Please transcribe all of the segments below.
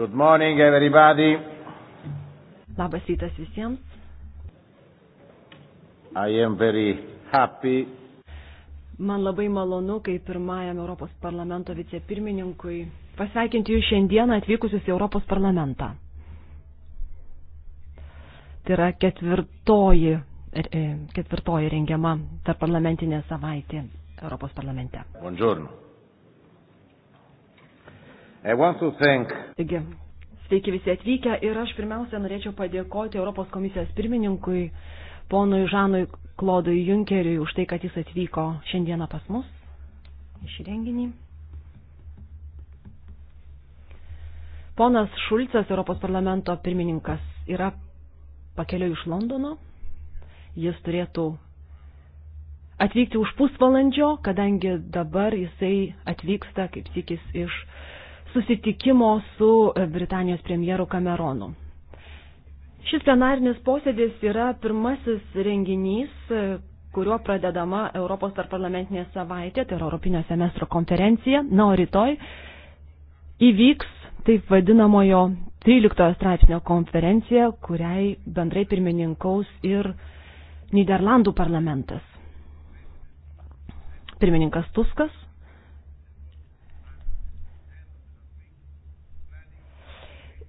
Good morning, everybody. Labas rytas visiems. I am very happy. Man labai malonu, kaip pirmajam Europos parlamento vicepirmininkui, pasveikinti jūs šiandieną atvykusius į Europos parlamentą. Tai yra ketvirtoji, er, e, ketvirtoji rengiama tarp parlamentinė savaitė Europos parlamente. Buongiorno. Taigi, sveiki visi atvykę ir aš pirmiausia norėčiau padėkoti Europos komisijos pirmininkui, ponui Žanui Klodui Junkeriui, už tai, kad jis atvyko šiandieną pas mus į šį renginį. Ponas Šulcas, Europos parlamento pirmininkas, yra pakeliu iš Londono. Jis turėtų atvykti už pusvalandžio, kadangi dabar jisai atvyksta, kaip sikis, iš susitikimo su e, Britanijos premjeru Cameronu. Šis plenarinis posėdis yra pirmasis renginys, e, kuriuo pradedama Europos tarparlamentinė savaitė, tai yra Europinio semestro konferencija. Na, o rytoj įvyks taip vadinamojo 13 straipsnio konferencija, kuriai bendrai pirmininkaus ir Niderlandų parlamentas. Pirmininkas Tuskas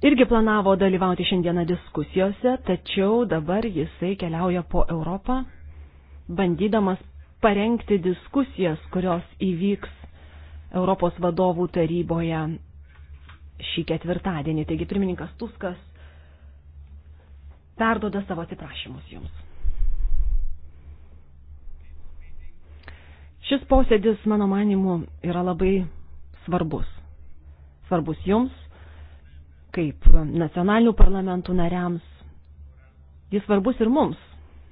irgi planavo dalyvauti šiandieną diskusijose, tačiau dabar jisai keliauja po Europą, bandydamas parengti diskusijas, kurios įvyks Europos vadovų taryboje šį ketvirtadienį. Taigi pirmininkas Tuskas perdoda savo atsiprašymus jums. Šis posėdis, mano manimu, yra labai svarbus. Svarbus jums, kaip nacionalinių parlamentų nariams, jis svarbus ir mums,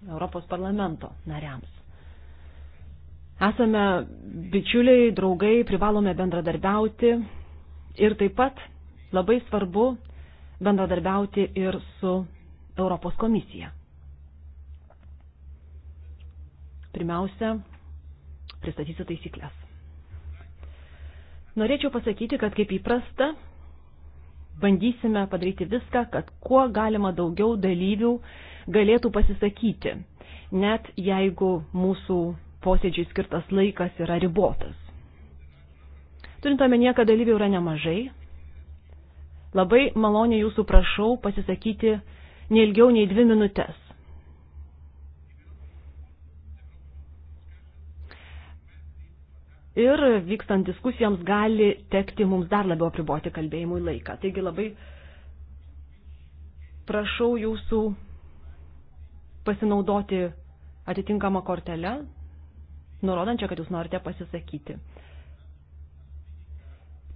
Europos parlamento nariams. Esame bičiuliai, draugai, privalome bendradarbiauti ir taip pat labai svarbu bendradarbiauti ir su Europos komisija. Pirmiausia, pristatysiu taisyklės. Norėčiau pasakyti, kad kaip įprasta, bandysime padaryti viską, kad kuo galima daugiau dalyvių galėtų pasisakyti, net jeigu mūsų posėdžiai skirtas laikas yra ribotas. Turint omenyje, kad dalyvių yra nemažai, labai maloniai jūsų prašau pasisakyti neilgiau nei dvi minutės. ir vykstant diskusijoms gali tekti mums dar labiau apriboti kalbėjimui laiką. Taigi labai prašau jūsų pasinaudoti atitinkamą kortelę, nurodančią, kad jūs norite pasisakyti.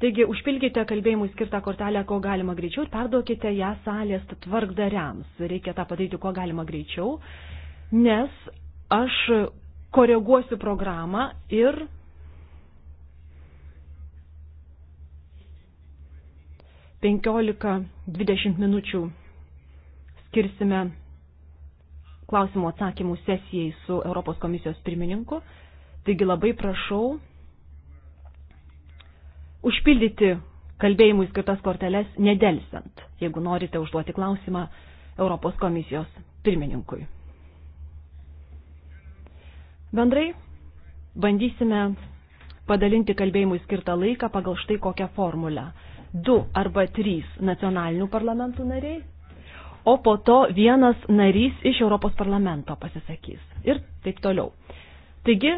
Taigi užpilkite kalbėjimui skirtą kortelę, ko galima greičiau ir perduokite ją salės tvarkdariams. Reikia tą padaryti, ko galima greičiau, nes aš koreguosiu programą ir 15-20 minučių skirsime klausimų atsakymų sesijai su Europos komisijos pirmininku. Taigi labai prašau užpildyti kalbėjimui skirtas korteles nedelsiant, jeigu norite užduoti klausimą Europos komisijos pirmininkui. Bendrai bandysime padalinti kalbėjimui skirtą laiką pagal štai kokią formulę – du arba trys nacionalinių parlamentų nariai, o po to vienas narys iš Europos parlamento pasisakys ir taip toliau. Taigi,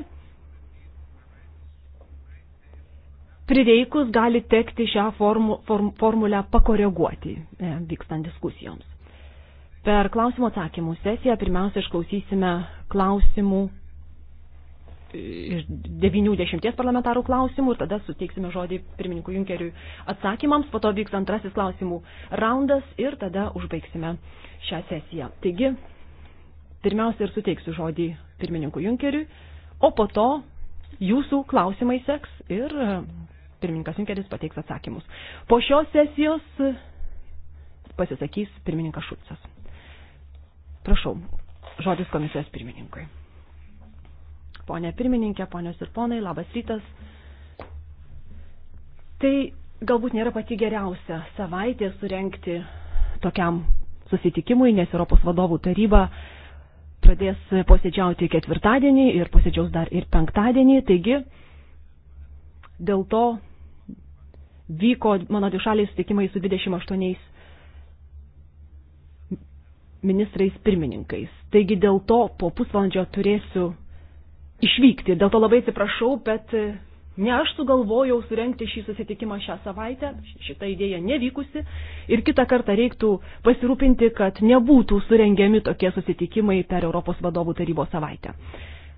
prireikus gali tekti šią formu, form, formulę pakoreguoti e, vykstant diskusijoms. Per klausimų atsakymų sesiją pirmiausia išklausysime klausimų iš 90 parlamentarų klausimų ir tada suteiksime žodį pirmininkų Junkeriui atsakymams, po to vyks antrasis klausimų raundas ir tada užbaigsime šią sesiją. Taigi, pirmiausia ir suteiksiu žodį pirmininkų Junkeriui, o po to jūsų klausimai seks ir e, pirmininkas Junkeris pateiks atsakymus. Po šios sesijos pasisakys pirmininkas Šulcas. Prašau, žodis komisijos pirmininkui. Pone pirmininkė, ponios ir ponai, labas rytas. Tai galbūt nėra pati geriausia savaitė surenkti tokiam susitikimui, nes Europos vadovų taryba pradės posėdžiauti ketvirtadienį ir posėdžiaus dar ir penktadienį. Taigi, dėl to vyko mano dvišaliai susitikimai su 28 ministrais pirmininkais. Taigi dėl to po pusvalandžio turėsiu išvykti. Dėl to labai atsiprašau, bet e, ne aš sugalvojau surenkti šį susitikimą šią savaitę, šita idėja nevykusi ir kitą kartą reiktų pasirūpinti, kad nebūtų surengiami tokie susitikimai per Europos vadovų tarybos savaitę.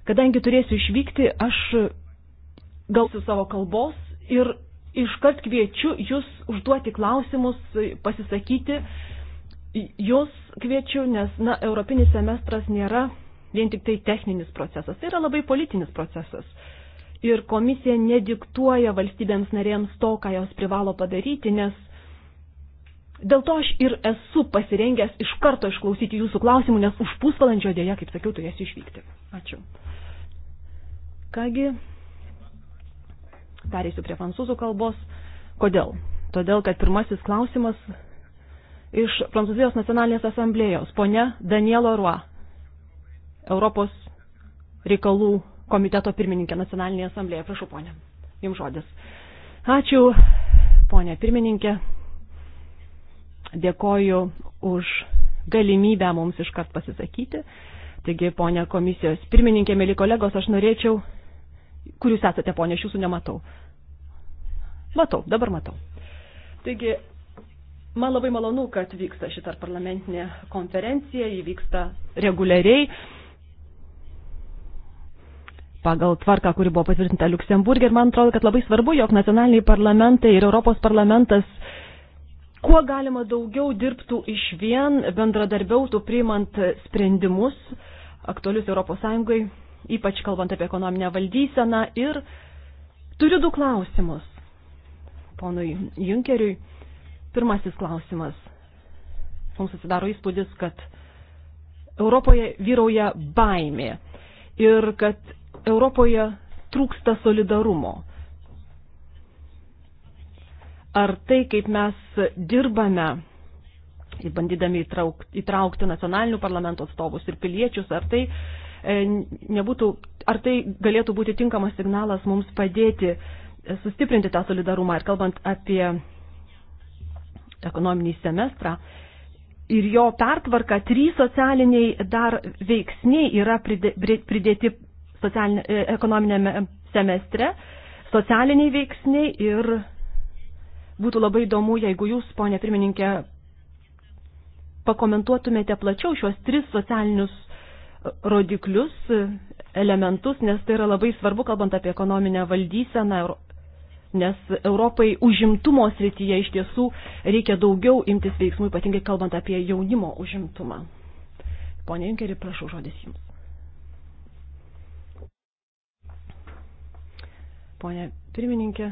Kadangi turėsiu išvykti, aš gausiu savo kalbos ir iškart kviečiu jūs užduoti klausimus, pasisakyti. Jūs kviečiu, nes, na, europinis semestras nėra vien tik tai techninis procesas, tai yra labai politinis procesas. Ir komisija nediktuoja valstybėms narėms to, ką jos privalo padaryti, nes dėl to aš ir esu pasirengęs iš karto išklausyti jūsų klausimų, nes už pusvalandžio dėja, kaip sakiau, turėsiu išvykti. Ačiū. Kągi, pereisiu prie prancūzų kalbos. Kodėl? Todėl, kad pirmasis klausimas iš Prancūzijos nacionalinės asamblėjos, ponia Danielo Rua. Europos reikalų komiteto pirmininkė nacionalinėje asamblėje. Prašau, ponė, jums žodis. Ačiū, ponė pirmininkė. Dėkoju už galimybę mums iškart pasisakyti. Taigi, ponė komisijos pirmininkė, mėly kolegos, aš norėčiau, kur jūs esate, ponė, aš jūsų nematau. Matau, dabar matau. Taigi, man labai malonu, kad vyksta šita parlamentinė konferencija, ji vyksta reguliariai pagal tvarką, kuri buvo patvirtinta Luksemburgė. Ir man atrodo, kad labai svarbu, jog nacionaliniai parlamentai ir Europos parlamentas kuo galima daugiau dirbtų iš vien, bendradarbiautų priimant sprendimus aktualius ES, ypač kalbant apie ekonominę valdyseną. Ir turiu du klausimus ponui Junkeriui. Pirmasis klausimas. Mums susidaro įspūdis, kad Europoje vyrauja baimė ir kad Europoje trūksta solidarumo. Ar tai, kaip mes dirbame, bandydami įtraukti nacionalinių parlamento atstovus ir piliečius, ar tai, e, nebūtų, ar tai galėtų būti tinkamas signalas mums padėti sustiprinti tą solidarumą ir kalbant apie ekonominį semestrą, ir jo pertvarka trys socialiniai dar veiksniai yra pridėti E, ekonominėme semestre, socialiniai veiksniai ir būtų labai įdomu, jeigu jūs, ponė pirmininkė, pakomentuotumėte plačiau šios tris socialinius e, rodiklius, e, elementus, nes tai yra labai svarbu, kalbant apie ekonominę valdyseną, nes Europai užimtumo srityje iš tiesų reikia daugiau imtis veiksmų, ypatingai kalbant apie jaunimo užimtumą. Pone Junkeri, prašau žodis jums. ponė pirmininkė.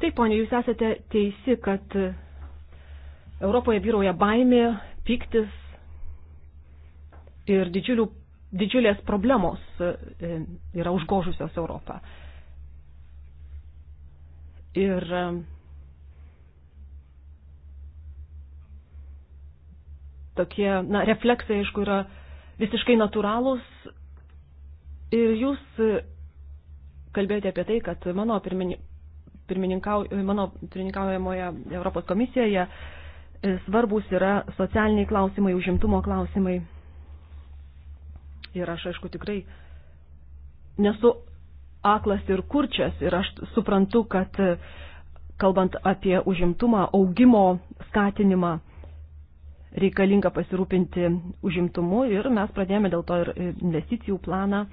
Taip, ponė, jūs esate teisi, kad Europoje vyroja baimė, piktis ir didžiulių, didžiulės problemos e, yra užgožusios Europą. Ir e, tokie na, refleksai, aišku, yra visiškai natūralūs. Ir jūs kalbėjote apie tai, kad mano, pirmini, pirmininkau, mano pirmininkaujamoje Europos komisijoje e, svarbus yra socialiniai klausimai, užimtumo klausimai. Ir aš, aišku, tikrai nesu aklas ir kurčias ir aš suprantu, kad e, kalbant apie užimtumą, augimo skatinimą, reikalinga pasirūpinti užimtumu ir mes pradėjome dėl to ir investicijų planą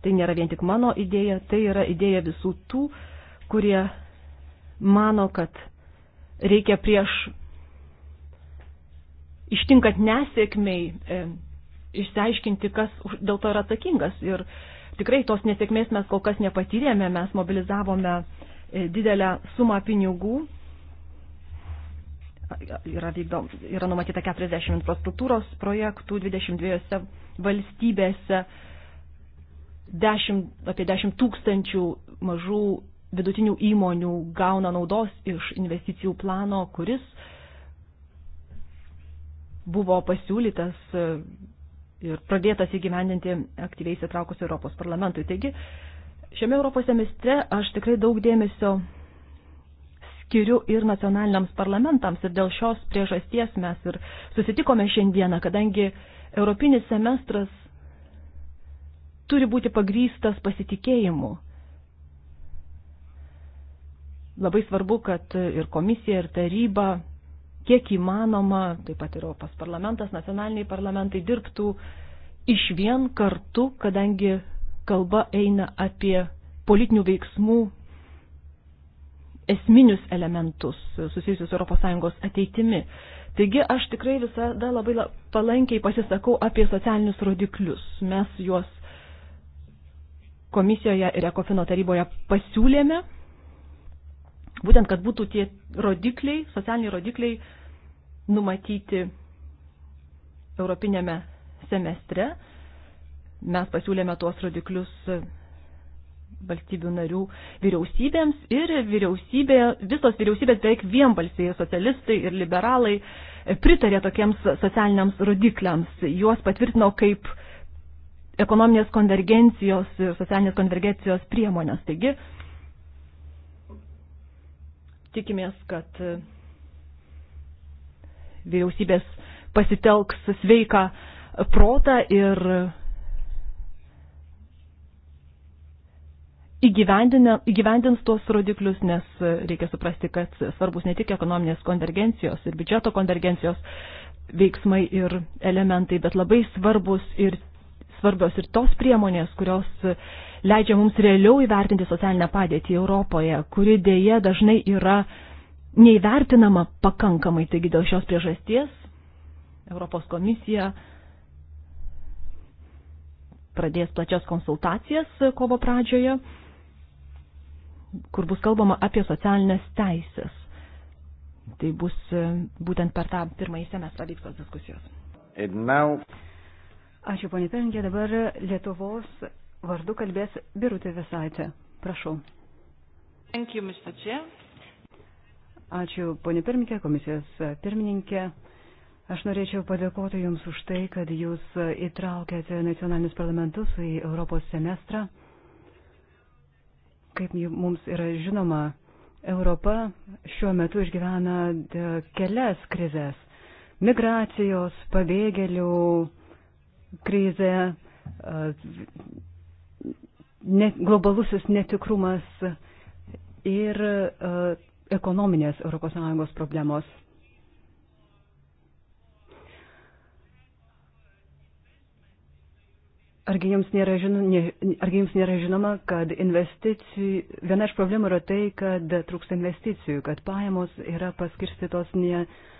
Tai nėra vien tik mano idėja, tai yra idėja visų tų, kurie mano, kad reikia prieš ištinkat nesėkmiai e, išsiaiškinti, kas dėl to yra atsakingas. Ir tikrai tos nesėkmės mes kol kas nepatyrėme, mes mobilizavome e, didelę sumą pinigų. Yra, vykdom, yra numatyta 40 infrastruktūros projektų 22 valstybėse dešimt, apie 10 tūkstančių mažų vidutinių įmonių gauna naudos iš investicijų plano, kuris buvo pasiūlytas e, ir pradėtas įgyvendinti aktyviai įsitraukus Europos parlamentui. Taigi, šiame Europos semestre aš tikrai daug dėmesio skiriu ir nacionaliniams parlamentams ir dėl šios priežasties mes ir susitikome šiandieną, kadangi Europinis semestras turi būti pagrystas pasitikėjimu. Labai svarbu, kad ir komisija, ir taryba, kiek įmanoma, taip pat ir Europos parlamentas, nacionaliniai parlamentai dirbtų iš vien kartu, kadangi kalba eina apie politinių veiksmų esminius elementus susijusius ES ateitimi. Taigi aš tikrai visada labai palankiai pasisakau apie socialinius rodiklius. Mes juos komisijoje ir ekofino taryboje pasiūlėme, būtent, kad būtų tie rodikliai, socialiniai rodikliai numatyti Europinėme semestre. Mes pasiūlėme tuos rodiklius valstybių narių vyriausybėms ir vyriausybė, visos vyriausybės beveik vienbalsiai socialistai ir liberalai pritarė tokiems socialiniams rodikliams. Juos patvirtino kaip uh, ekonominės konvergencijos ir socialinės konvergencijos priemonės. Taigi, tikimės, kad e, vyriausybės pasitelks sveiką protą ir įgyvendins tuos rodiklius, nes reikia suprasti, kad svarbus ne tik ekonominės konvergencijos ir biudžeto konvergencijos veiksmai ir elementai, bet labai svarbus ir svarbios ir tos priemonės, kurios leidžia mums realiau įvertinti socialinę padėtį Europoje, kuri dėje dažnai yra neįvertinama pakankamai. Taigi dėl šios priežasties Europos komisija pradės plačias konsultacijas kovo pradžioje, kur bus kalbama apie socialinės teisės. Tai bus būtent per tą pirmąjį semestrą vyktos diskusijos. And now... Ačiū, ponė Pirinkė. Dabar Lietuvos vardu kalbės Birutė Visaitė. Prašau. Thank you, Mr. Chair. Ačiū, ponė pirmininkė, komisijos pirmininkė. Aš norėčiau padėkoti Jums už tai, kad Jūs įtraukėte nacionalinius parlamentus į Europos semestrą. Kaip mums yra žinoma, Europa šiuo metu išgyvena kelias krizės - migracijos, pabėgėlių krizė, net, globalusis netikrumas ir ekonominės ES problemos. Argi jums, nėra žino, argi jums nėra žinoma, kad investicijų, viena iš problemų yra tai, kad trūksta investicijų, kad pajamos yra paskirstytos ne, uh,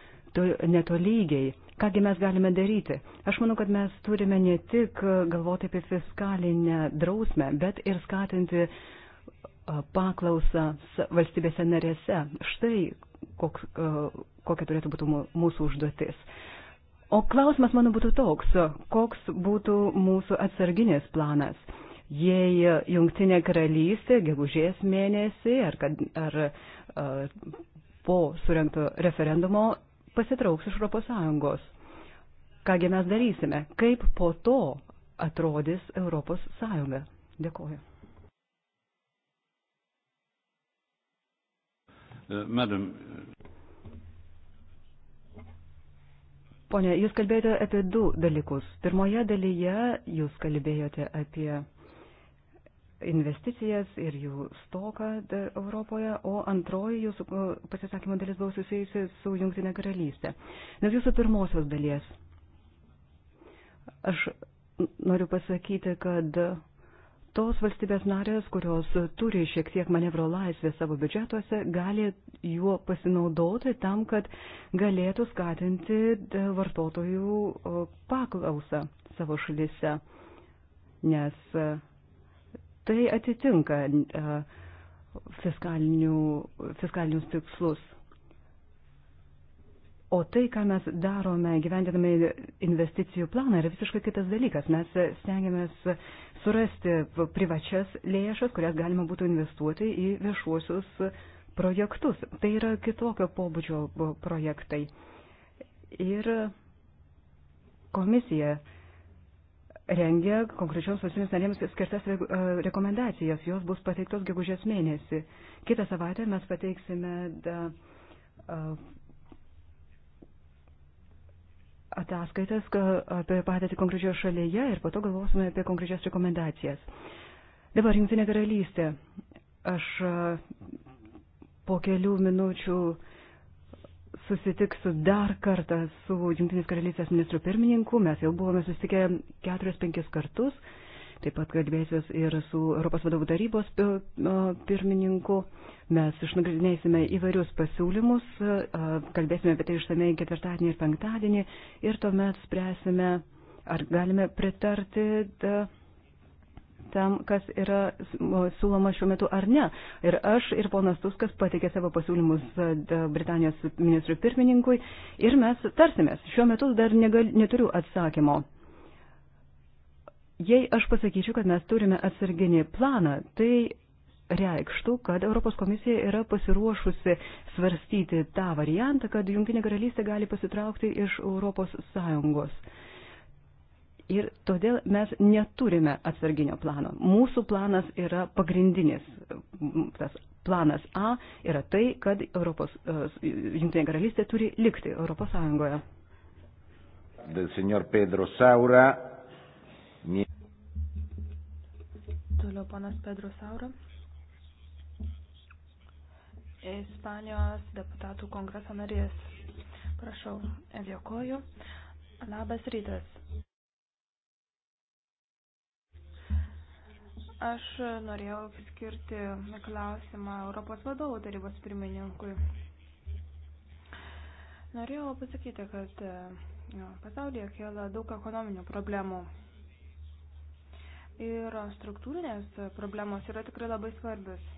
netolygiai. Kągi mes galime daryti? Aš manau, kad mes turime ne tik galvoti apie fiskalinę drausmę, bet ir skatinti paklausą valstybėse narėse. Štai koks, kokia turėtų būti mūsų užduotis. O klausimas mano būtų toks, koks būtų mūsų atsarginės planas, jei jungtinė karalystė gegužės mėnesį ar, kad, ar, ar po surinkto referendumo pasitrauks iš ES. Kągi mes darysime? Kaip po to atrodys ES? Dėkuoju. E, madam. Pone, jūs kalbėjote apie du dalykus. Pirmoje dalyje jūs kalbėjote apie investicijas ir jų stoką Europoje, o antroji jūsų pasisakymo dalis buvo susijusi su Junktinė karalystė. Nes jūsų pirmosios dalies aš noriu pasakyti, kad tos valstybės narės, kurios turi šiek tiek manevro laisvę savo biudžetuose, gali juo pasinaudoti tam, kad galėtų skatinti vartotojų paklausą savo šalyse. Nes uh, tai atitinka fiskalinius tikslus. O tai, ką mes darome gyvendinami investicijų planą, yra visiškai kitas dalykas. Mes stengiamės surasti privačias lėšas, kurias galima būtų investuoti į viešuosius projektus. Tai yra kitokio pobūdžio projektai. Ir komisija rengia konkrečioms valstybės narėms skirtas e, rekomendacijas. Jos bus pateiktos gegužės mėnesį. Kitą savaitę mes pateiksime da, e, ataskaitas apie patėtį konkrečioje šalyje ir po to galvosime apie konkrečias rekomendacijas. Dabar Junktinė karalystė. Aš e, po kelių minučių uh, susitiksiu dar kartą su Junktinės karalystės ministru pirmininku. Mes jau buvome susitikę keturis, penkis kartus. Taip pat kalbėsiuos ir su Europos vadovų tarybos e, e, pirmininku. Mes išnagrinėsime įvairius pasiūlymus, e, kalbėsime apie tai išsamei ketvirtadienį ir penktadienį ir tuomet spręsime, ar galime pritarti. Da, tam, kas yra siūloma šiuo metu ar ne. Ir aš ir ponas Tuskas pateikė savo pasiūlymus Britanijos ministrui pirmininkui ir mes tarsimės. Šiuo metu dar negal, neturiu atsakymo. Jei aš pasakyčiau, kad mes turime atsarginį planą, tai reikštų, kad Europos komisija yra pasiruošusi svarstyti tą variantą, kad Junktinė karalystė gali pasitraukti iš Europos Sąjungos. Ir todėl mes neturime atsarginio plano. Mūsų planas yra pagrindinis. Tas planas A yra tai, kad Europos, e, Junktinė karalystė turi likti Europos Sąjungoje. Del signor Pedro Saura. Toliau ponas Pedro Saura. Ispanijos deputatų kongreso narės. Prašau, dėkoju. Labas rytas. Aš norėjau skirti klausimą Europos vadovų tarybos pirmininkui. Norėjau pasakyti, kad pasaulyje kėla daug ekonominių problemų. Ir struktūrinės problemos yra tikrai labai svarbios.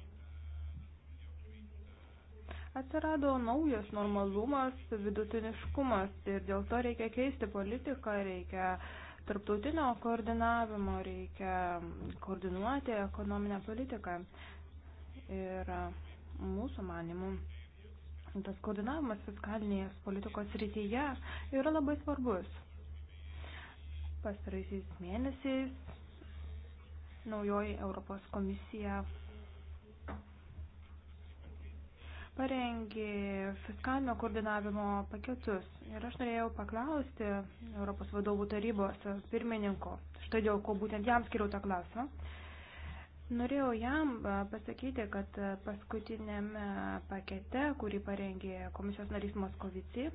Atsirado naujas normalumas, vidutiniškumas ir dėl to reikia keisti politiką, reikia uh, tarptautinio koordinavimo, reikia koordinuoti ekonominę politiką. Ir e, mūsų manimų tas koordinavimas fiskalinės politikos rytyje yra labai svarbus. Pastaraisiais mėnesiais naujoji Europos komisija parengė fiskalinio koordinavimo paketus. Ir aš norėjau paklausti Europos vadovų tarybos pirmininko, štai dėl ko būtent jam skiriau tą klausimą. Norėjau jam pasakyti, kad paskutinėme pakete, kurį parengė komisijos narys Moskovici,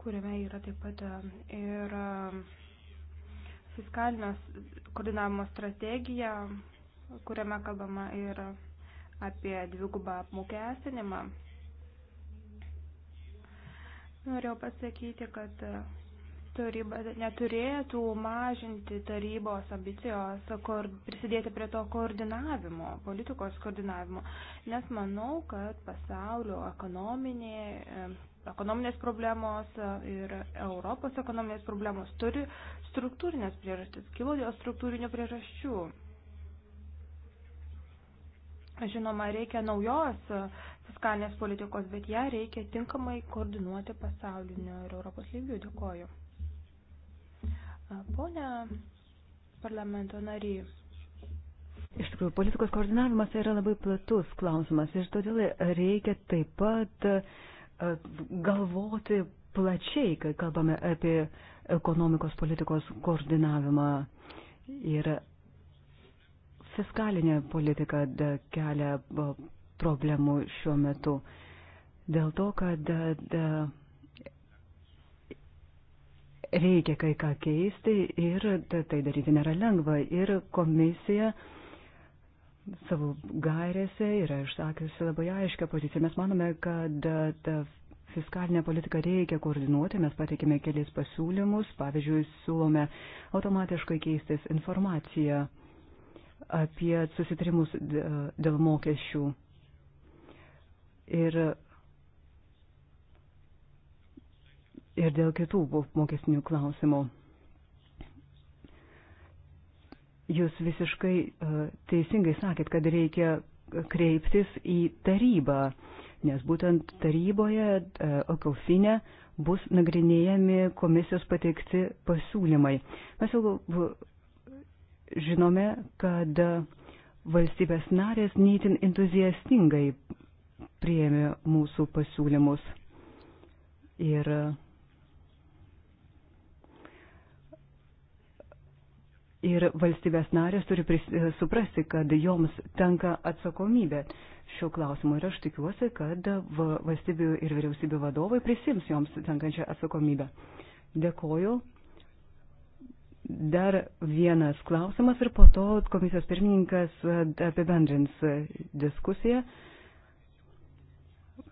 kuriame yra taip pat ir fiskalinio koordinavimo strategija, kuriame kalbama ir apie dvigubą apmokestinimą. Norėjau pasakyti, kad taryba neturėtų mažinti tarybos ambicijos kur, prisidėti prie to koordinavimo, politikos koordinavimo, nes manau, kad pasaulio ekonominė, ekonominės problemos ir Europos ekonominės problemos turi struktūrinės priežastis, kilo dėl struktūrinių priežasčių. Žinoma, reikia naujos fiskalinės politikos, bet ją reikia tinkamai koordinuoti pasaulinio ir Europos lygių. Dėkoju. Pone parlamento nary. Iš tikrųjų, politikos koordinavimas yra labai platus klausimas ir todėl reikia taip pat galvoti plačiai, kai kalbame apie ekonomikos politikos koordinavimą ir fiskalinė politika kelia problemų šiuo metu. Dėl to, kad reikia kai ką keisti ir tai daryti nėra lengva. Ir komisija savo gairėse yra išsakiusi labai aiškę poziciją. Mes manome, kad fiskalinę politiką reikia koordinuoti, mes pateikėme kelis pasiūlymus, pavyzdžiui, siūlome automatiškai keistis informaciją apie susitarimus dėl mokesčių. Ir, ir dėl kitų mokesnių klausimų. Jūs visiškai e, teisingai sakėt, kad reikia kreiptis į tarybą, nes būtent taryboje, e, okaufinė, bus nagrinėjami komisijos pateikti pasiūlymai. Mes jau žinome, kad valstybės narės neįtin entuziastingai prieėmė mūsų pasiūlymus. Ir Ir valstybės narės turi pris, suprasti, kad joms tenka atsakomybė šiuo klausimu. Ir aš tikiuosi, kad valstybių ir vyriausybių vadovai prisims joms tenkančią atsakomybę. Dėkoju. Dar vienas klausimas ir po to komisijos pirmininkas e, apibendrins e, diskusiją.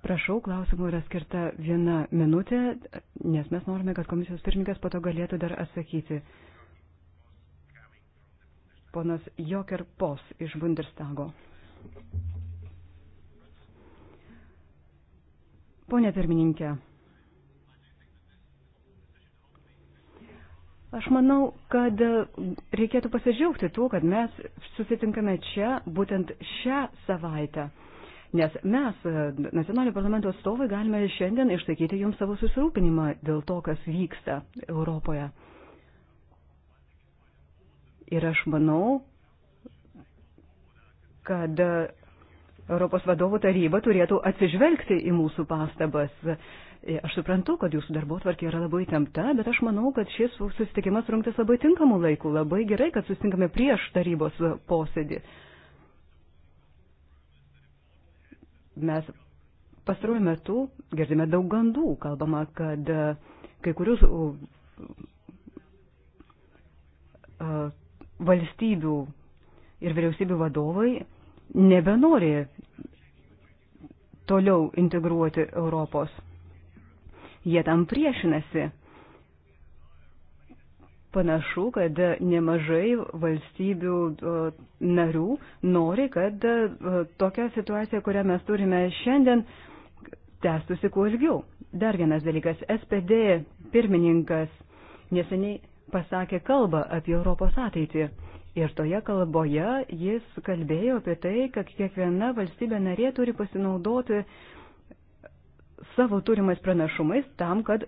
Prašau, klausimų yra skirta viena minutė, nes mes norime, kad komisijos pirmininkas po to galėtų dar atsakyti. Ponas Joker Pos iš Bundestago. Pone pirmininkė. Aš manau, kad reikėtų pasidžiaugti tuo, kad mes susitinkame čia būtent šią savaitę. Nes mes, nacionalinio parlamento atstovai, galime šiandien išsakyti jums savo susirūpinimą dėl to, kas vyksta Europoje. Ir aš manau, kad Europos vadovų taryba turėtų atsižvelgti į mūsų pastabas E, aš suprantu, kad jūsų darbo tvarkė yra labai tempta, bet aš manau, kad šis susitikimas rungtas labai tinkamų laikų. Labai gerai, kad susitinkame prieš tarybos posėdį. Mes pastaruoju metu girdime daug gandų, kalbama, kad e, kai kurius e, valstybių ir vyriausybių vadovai nebenori toliau integruoti Europos jie tam priešinasi. Panašu, kad nemažai valstybių narių nori, kad tokia situacija, kurią mes turime šiandien, tęstusi kuo ilgiau. Dar vienas dalykas. SPD pirmininkas neseniai pasakė kalbą apie Europos ateitį. Ir toje kalboje jis kalbėjo apie tai, kad kiekviena valstybė narė turi pasinaudoti savo turimais pranašumais tam, kad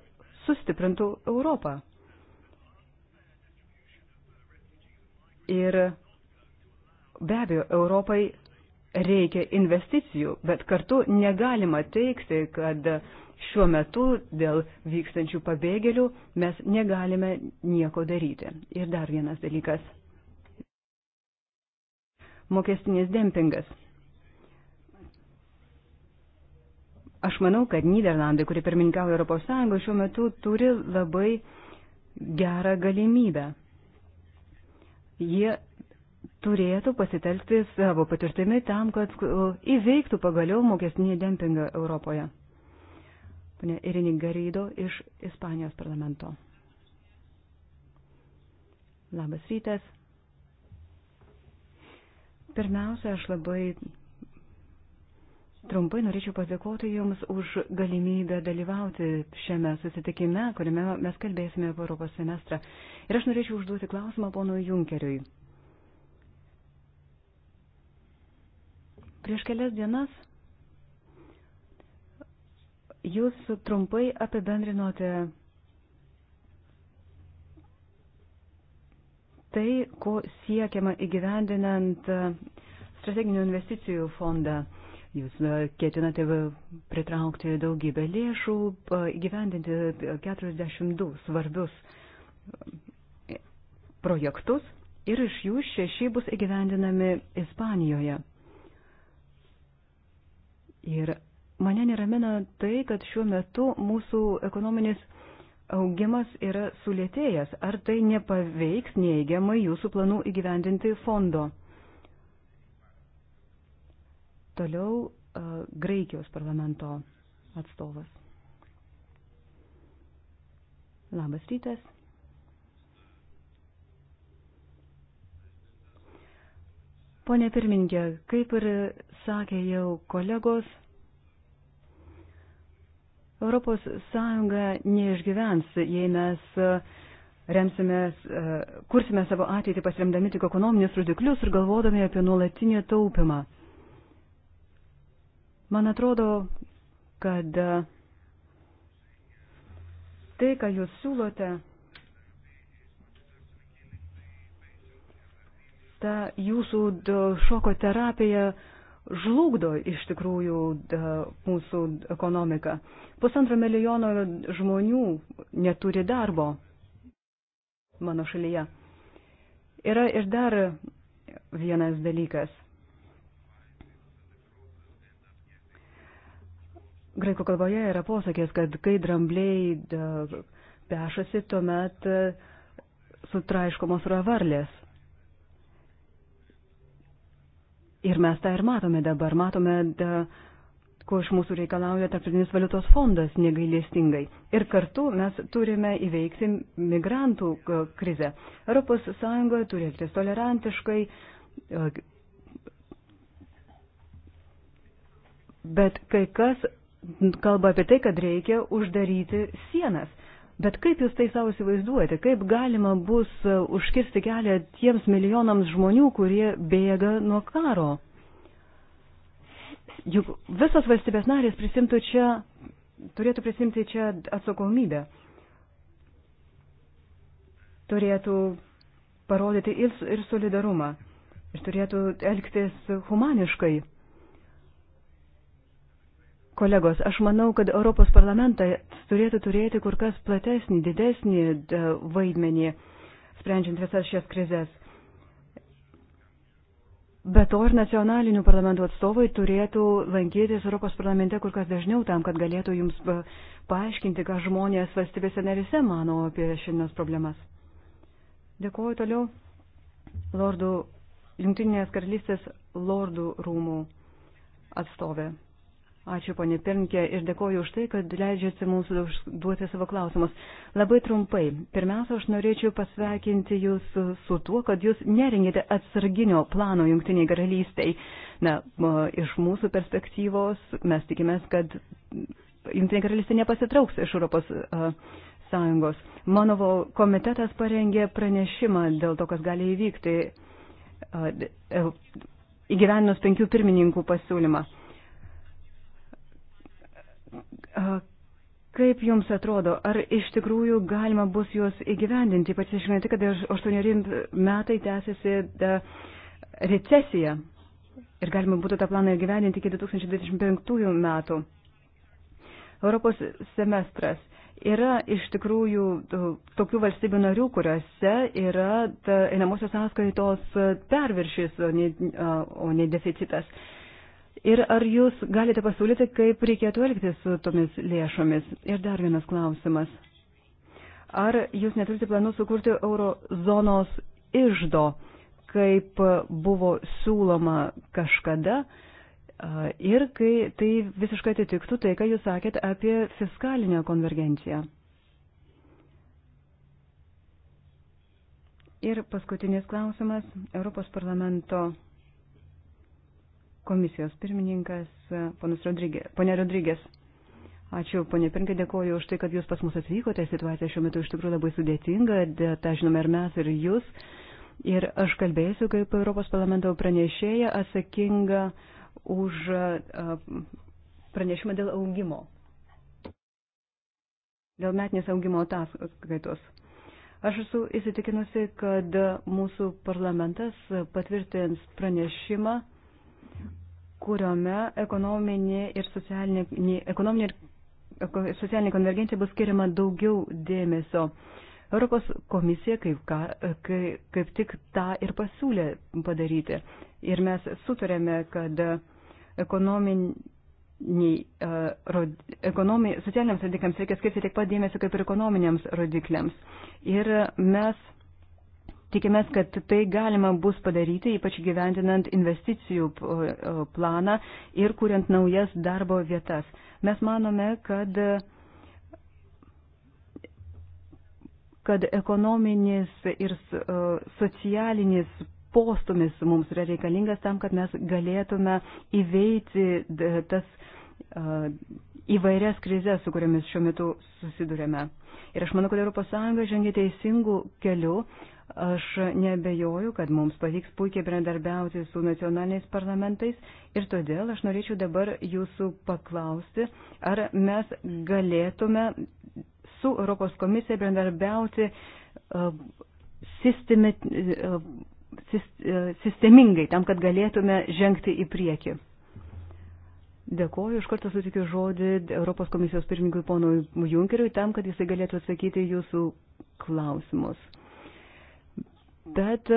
sustiprintų Europą. Ir be abejo, Europai reikia investicijų, bet kartu negalima teikti, kad šiuo metu dėl vykstančių pabėgėlių mes negalime nieko daryti. Ir dar vienas dalykas. Mokestinis dempingas. Aš manau, kad Niderlandai, kurie pirmininkauja Europos Sąjungo, šiuo metu turi labai gerą galimybę. Jie turėtų pasitelkti savo patirtimi tam, kad uh, įveiktų pagaliau mokestinį dempingą Europoje. Pane Irini Garydo iš Ispanijos parlamento. Labas rytas. Pirmiausia, aš labai Trumpai norėčiau padėkoti Jums už galimybę dalyvauti šiame susitikime, kuriame mes kalbėsime apie Europos semestrą. Ir aš norėčiau užduoti klausimą ponui Junkeriui. Prieš kelias dienas Jūs trumpai apibendrinote tai, ko siekiama įgyvendinant strateginių investicijų fondą. Jūs e, ketinate pritraukti daugybę lėšų, e, gyvendinti 42 svarbius e, projektus ir iš jų šeši bus įgyvendinami Ispanijoje. Ir mane neramina tai, kad šiuo metu mūsų ekonominis augimas yra sulėtėjęs. Ar tai nepaveiks neigiamai jūsų planų įgyvendinti fondo? Toliau e, Graikijos parlamento atstovas. Labas rytas. Pone pirmininkė, kaip ir sakė jau kolegos, Europos Sąjunga neišgyvens, jei mes e, remsimės, e, kursime savo ateitį pasiremdami tik ekonominius rodiklius ir galvodami apie nuolatinį taupimą. Man atrodo, kad e, tai, ką jūs siūlote, ta jūsų šoko terapija žlugdo iš tikrųjų mūsų ekonomiką. Pusantro milijono žmonių neturi darbo mano šalyje. Yra ir dar vienas dalykas – Graikų kalboje yra posakis, kad kai drambliai pešasi, tuomet e, sutraiškomos yra varlės. Ir mes tą ir matome dabar. Matome, da, ko iš mūsų reikalauja Tarptautinis valiutos fondas negailestingai. Ir kartu mes turime įveikti migrantų e, krizę. ES turi elgtis tolerantiškai, e, bet kai kas kalba apie tai, kad reikia uždaryti sienas. Bet kaip jūs tai savo įsivaizduojate, kaip galima bus e, užkirsti kelią tiems milijonams žmonių, kurie bėga nuo karo? Juk visos valstybės narės prisimtų čia, turėtų prisimti čia atsakomybę. Turėtų parodyti ir solidarumą. Ir turėtų elgtis humaniškai. Kolegos, aš manau, kad Europos parlamentai turėtų turėti kur kas platesnį, didesnį e, vaidmenį, sprendžiant visas šias krizės. Be to ir nacionalinių parlamentų atstovai turėtų lankytis Europos parlamente kur kas dažniau tam, kad galėtų jums e, paaiškinti, ką žmonės valstybėse narise mano apie šiandienos problemas. Dėkuoju toliau Lordų, Junktinės karalystės Lordų rūmų atstovė. Ačiū, ponė Pirnkė, ir dėkoju už tai, kad leidžiasi mums duoti savo klausimus. Labai trumpai. Pirmiausia, aš norėčiau pasveikinti Jūs su tuo, kad Jūs nerengėte atsarginio plano Junktiniai karalystiai. Na, iš mūsų perspektyvos mes tikimės, kad Junktinė karalystė nepasitrauks iš Europos. Uh, Sąjungos. Mano komitetas parengė pranešimą dėl to, kas gali įvykti e, įgyveninus penkių pirmininkų pasiūlymą. Kaip jums atrodo, ar iš tikrųjų galima bus juos įgyvendinti, ypač išmėti, kad 8 metai tęsiasi recesija ir galima būtų tą planą įgyvendinti iki 2025 metų. Europos semestras yra iš tikrųjų tokių valstybių narių, kuriuose yra einamosios sąskaitos perviršys, o ne, o ne deficitas. Ir ar jūs galite pasiūlyti, kaip reikėtų elgtis su tomis lėšomis? Ir dar vienas klausimas. Ar jūs neturite planų sukurti eurozonos išdo, kaip buvo siūloma kažkada? Ir kai tai visiškai atitiktų tai, ką jūs sakėt apie fiskalinę konvergenciją. Ir paskutinis klausimas. Europos parlamento komisijos pirmininkas, ponas Rodrygė, ponė Rodrygės. Ačiū, ponė Pirinkė, dėkoju už tai, kad jūs pas mus atvykote. Situacija šiuo metu iš tikrųjų labai sudėtinga, tą žinome ir mes, ir jūs. Ir aš kalbėsiu kaip Europos parlamento pranešėja atsakinga už pranešimą dėl augimo. Dėl metinės augimo ataskaitos. Aš esu įsitikinusi, kad mūsų parlamentas patvirtins pranešimą kuriame ekonominė ir socialinė, ekonominė ir socialinė konvergencija bus skiriama daugiau dėmesio. Europos komisija kaip, ka, kaip, kaip tik tą ir pasiūlė padaryti. Ir mes sutarėme, kad ekonominiai, ekonomi, socialiniams rodikliams reikia skirti tiek pat dėmesio kaip ir ekonominiams rodikliams. Ir mes Tikimės, kad tai galima bus padaryti, ypač gyventinant investicijų planą ir kuriant naujas darbo vietas. Mes manome, kad kad ekonominis ir socialinis postumis mums yra reikalingas tam, kad mes galėtume įveikti tas įvairias krizės, su kuriamis šiuo metu susidurėme. Ir aš manau, kad ES žengia teisingų kelių. Aš nebejoju, kad mums pavyks puikiai bendarbiauti su nacionaliniais parlamentais ir todėl aš norėčiau dabar jūsų paklausti, ar mes galėtume su Europos komisija bendarbiauti uh, e, sistemi, uh, sistemingai, tam, kad galėtume žengti į priekį. Dėkuoju, iš karto sutikiu žodį Europos komisijos pirmininkui ponui Junkeriui tam, kad jisai galėtų atsakyti jūsų klausimus. Bet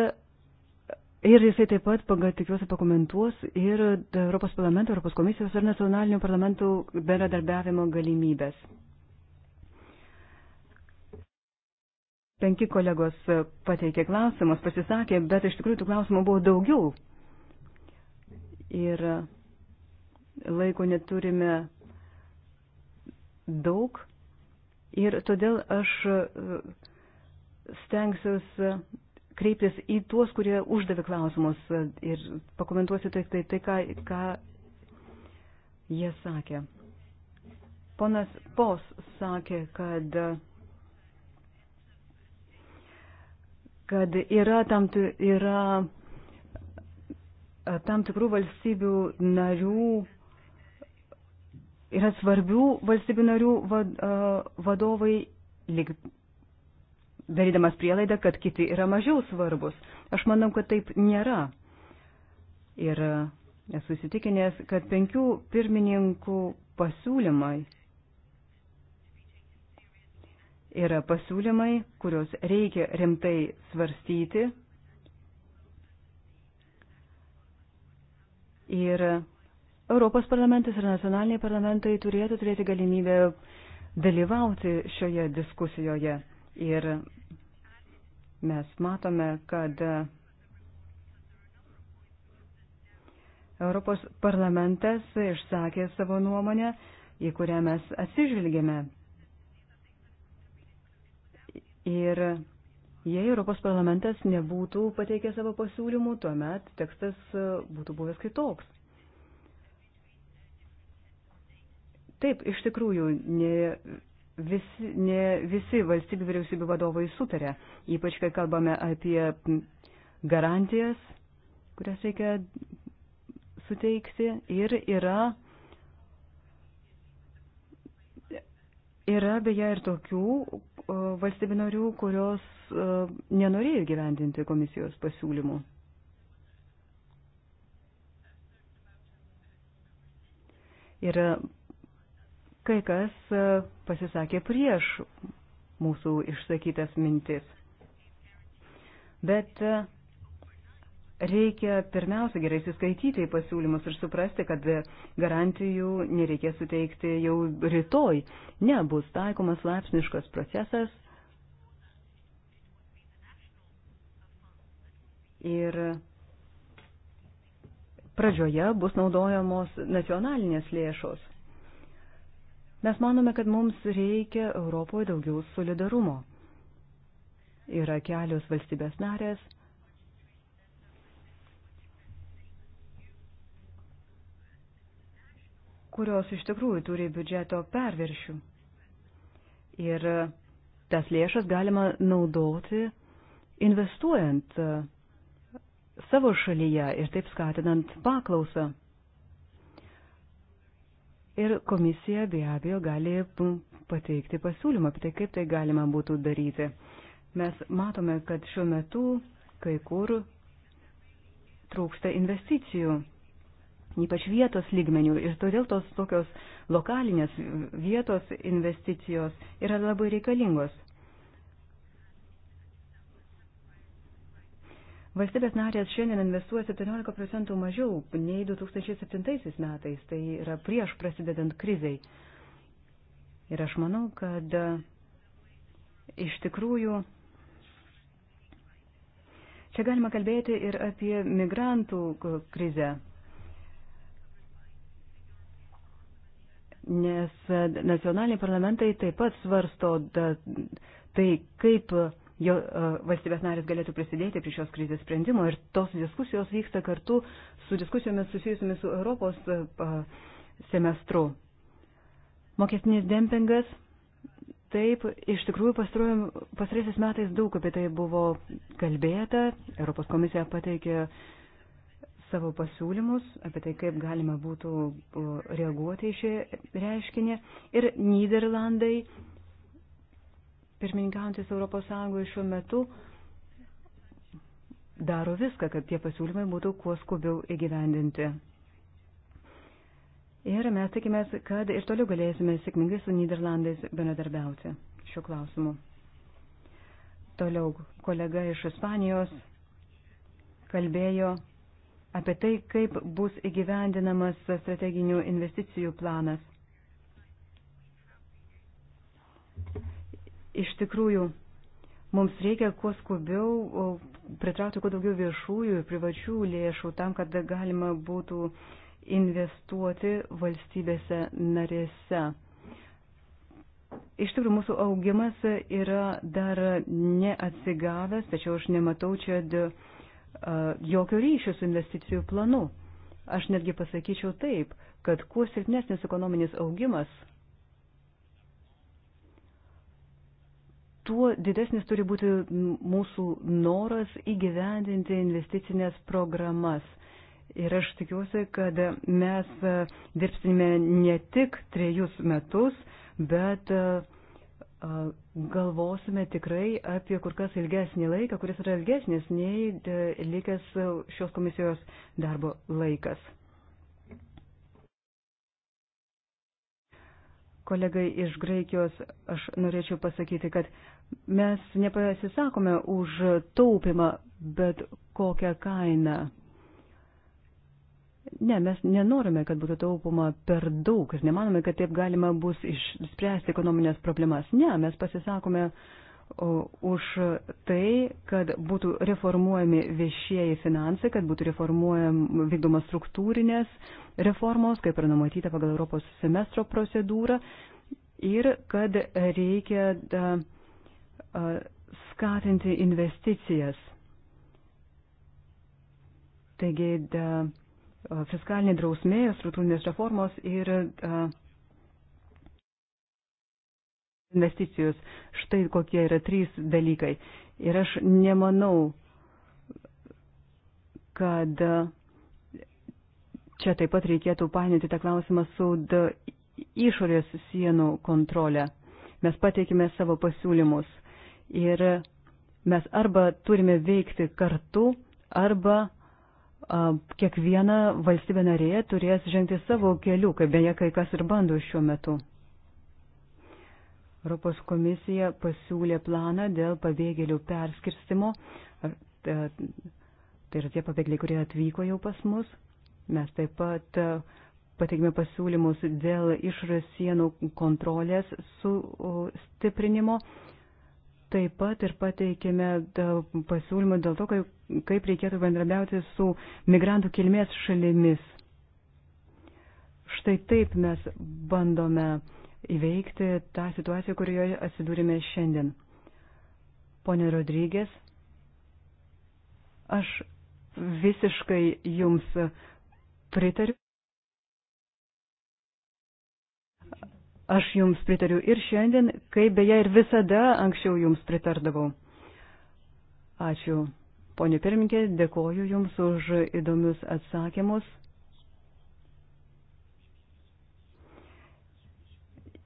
ir jisai taip pat, pagal tikiuosi, pakomentuos ir Europos parlamento, Europos komisijos ir nacionalinių parlamentų bendradarbiavimo galimybės. Penki kolegos pateikė klausimus, pasisakė, bet iš tikrųjų tų klausimų buvo daugiau. Ir laiko neturime daug ir todėl aš e, stengsiuosi e, kreiptis į tuos, kurie uždavė klausimus e, ir pakomentuosiu tai, tai, tai ką, ką jie sakė. Ponas Pos sakė, kad, kad yra, tam, yra tam tikrų valstybių narių yra svarbių valstybių narių vadovai, lyg darydamas prielaidą, kad kiti yra mažiau svarbus. Aš manau, kad taip nėra. Ir esu įsitikinęs, kad penkių pirmininkų pasiūlymai yra pasiūlymai, kuriuos reikia rimtai svarstyti. Ir Europos parlamentas ir nacionaliniai parlamentai turėtų turėti galimybę dalyvauti šioje diskusijoje. Ir mes matome, kad Europos parlamentas išsakė savo nuomonę, į kurią mes atsižvelgėme. Ir jei Europos parlamentas nebūtų pateikė savo pasiūlymų, tuomet tekstas būtų buvęs kitoks. Taip, iš tikrųjų, ne, visi, ne visi valstybių vyriausybių vadovai sutarė, ypač kai kalbame apie garantijas, kurias reikia suteikti ir yra. Yra beje ir tokių valstybių narių, kurios nenorėjo gyvendinti komisijos pasiūlymų. Yra kai kas e, pasisakė prieš mūsų išsakytas mintis. Bet e, reikia pirmiausia gerai įsiskaityti į pasiūlymus ir suprasti, kad garantijų nereikės suteikti jau rytoj. Ne, bus taikomas laipsniškas procesas. Ir pradžioje bus naudojamos nacionalinės lėšos. Mes manome, kad mums reikia Europoje daugiau solidarumo. Yra kelios valstybės narės. kurios iš tikrųjų turi biudžeto perviršių. Ir tas lėšas galima naudoti investuojant savo šalyje ir taip skatinant paklausą. Ir komisija be abejo gali pateikti pasiūlymą apie tai, kaip tai galima būtų daryti. Mes matome, kad šiuo metu kai kur trūksta investicijų, ypač vietos lygmenių. Ir todėl tos tokios lokalinės vietos investicijos yra labai reikalingos. Valstybės narės šiandien investuoja 17 procentų mažiau nei 2007 metais, tai yra prieš prasidedant krizai. Ir aš manau, kad e, iš tikrųjų čia galima kalbėti ir apie migrantų krizę. Nes e, nacionaliniai parlamentai taip pat svarsto da, tai, kaip jo, e, valstybės narės galėtų prisidėti prie šios krizės sprendimo ir tos diskusijos vyksta kartu su diskusijomis susijusiamis su Europos e, semestru. Mokestinis dempingas. Taip, iš tikrųjų pastaraisiais metais daug apie tai buvo kalbėta. Europos komisija pateikė savo pasiūlymus apie tai, kaip galima būtų reaguoti į šį reiškinį. Ir Niderlandai pirmininkantis Europos Sąjungoje šiuo metu daro viską, kad tie pasiūlymai būtų kuo skubiau įgyvendinti. Ir mes tikimės, kad ir toliau galėsime sėkmingai su Niderlandais bendradarbiauti šiuo klausimu. Toliau kolega iš Ispanijos kalbėjo apie tai, kaip bus įgyvendinamas strateginių investicijų planas. Iš tikrųjų, mums reikia kuo skubiau pritraukti kuo daugiau viešųjų ir privačių lėšų tam, kad galima būtų investuoti valstybėse narėse. Iš tikrųjų, mūsų augimas yra dar neatsigavęs, tačiau aš nematau čia jokio ryšio su investicijų planu. Aš netgi pasakyčiau taip, kad kuo silpnesnis ekonominis augimas, tuo didesnis turi būti mūsų noras įgyvendinti investicinės programas. Ir aš tikiuosi, kad mes e, dirbsime ne tik trejus metus, bet e, e, galvosime tikrai apie kur kas ilgesnį laiką, kuris yra ilgesnis nei likęs šios komisijos darbo laikas. kolegai iš Graikijos aš norėčiau pasakyti, kad mes nepasisakome už taupimą, bet kokią kainą. Ne, mes nenorime, kad būtų taupoma per daug ir nemanome, kad taip galima bus išspręsti ekonominės problemas. Ne, mes pasisakome uh, už tai, kad būtų reformuojami viešieji finansai, kad būtų reformuojam vykdomas struktūrinės reformos, kaip ir numatyta pagal Europos semestro procedūrą, ir kad reikia da, a, skatinti investicijas. Taigi, da, fiskalinė drausmė, struktūrinės reformos ir a, investicijus. Štai kokie yra trys dalykai. Ir aš nemanau, kad čia taip pat reikėtų painėti tą klausimą su išorės sienų kontrolę. Mes pateikime savo pasiūlymus ir mes arba turime veikti kartu, arba a, kiekviena valstybė narėje turės žengti savo keliu, kaip beje kai kas ir bando šiuo metu. Europos komisija pasiūlė planą dėl pabėgėlių perskirstimo. E, tai yra tie pabėgėliai, kurie atvyko jau pas mus. Mes taip pat e, pateikėme pasiūlymus dėl išorės sienų kontrolės sustiprinimo. Taip pat ir pateikėme e, pasiūlymą dėl to, kaip reikėtų bendrabiauti su migrantų kilmės šalimis. Štai taip mes bandome uh, įveikti tą situaciją, kurioje atsidūrime šiandien. Pone Rodrygės, aš visiškai jums pritariu. Aš jums pritariu ir šiandien, kaip beje ir visada anksčiau jums pritardavau. Ačiū, ponė pirmininkė, dėkoju jums už įdomius atsakymus.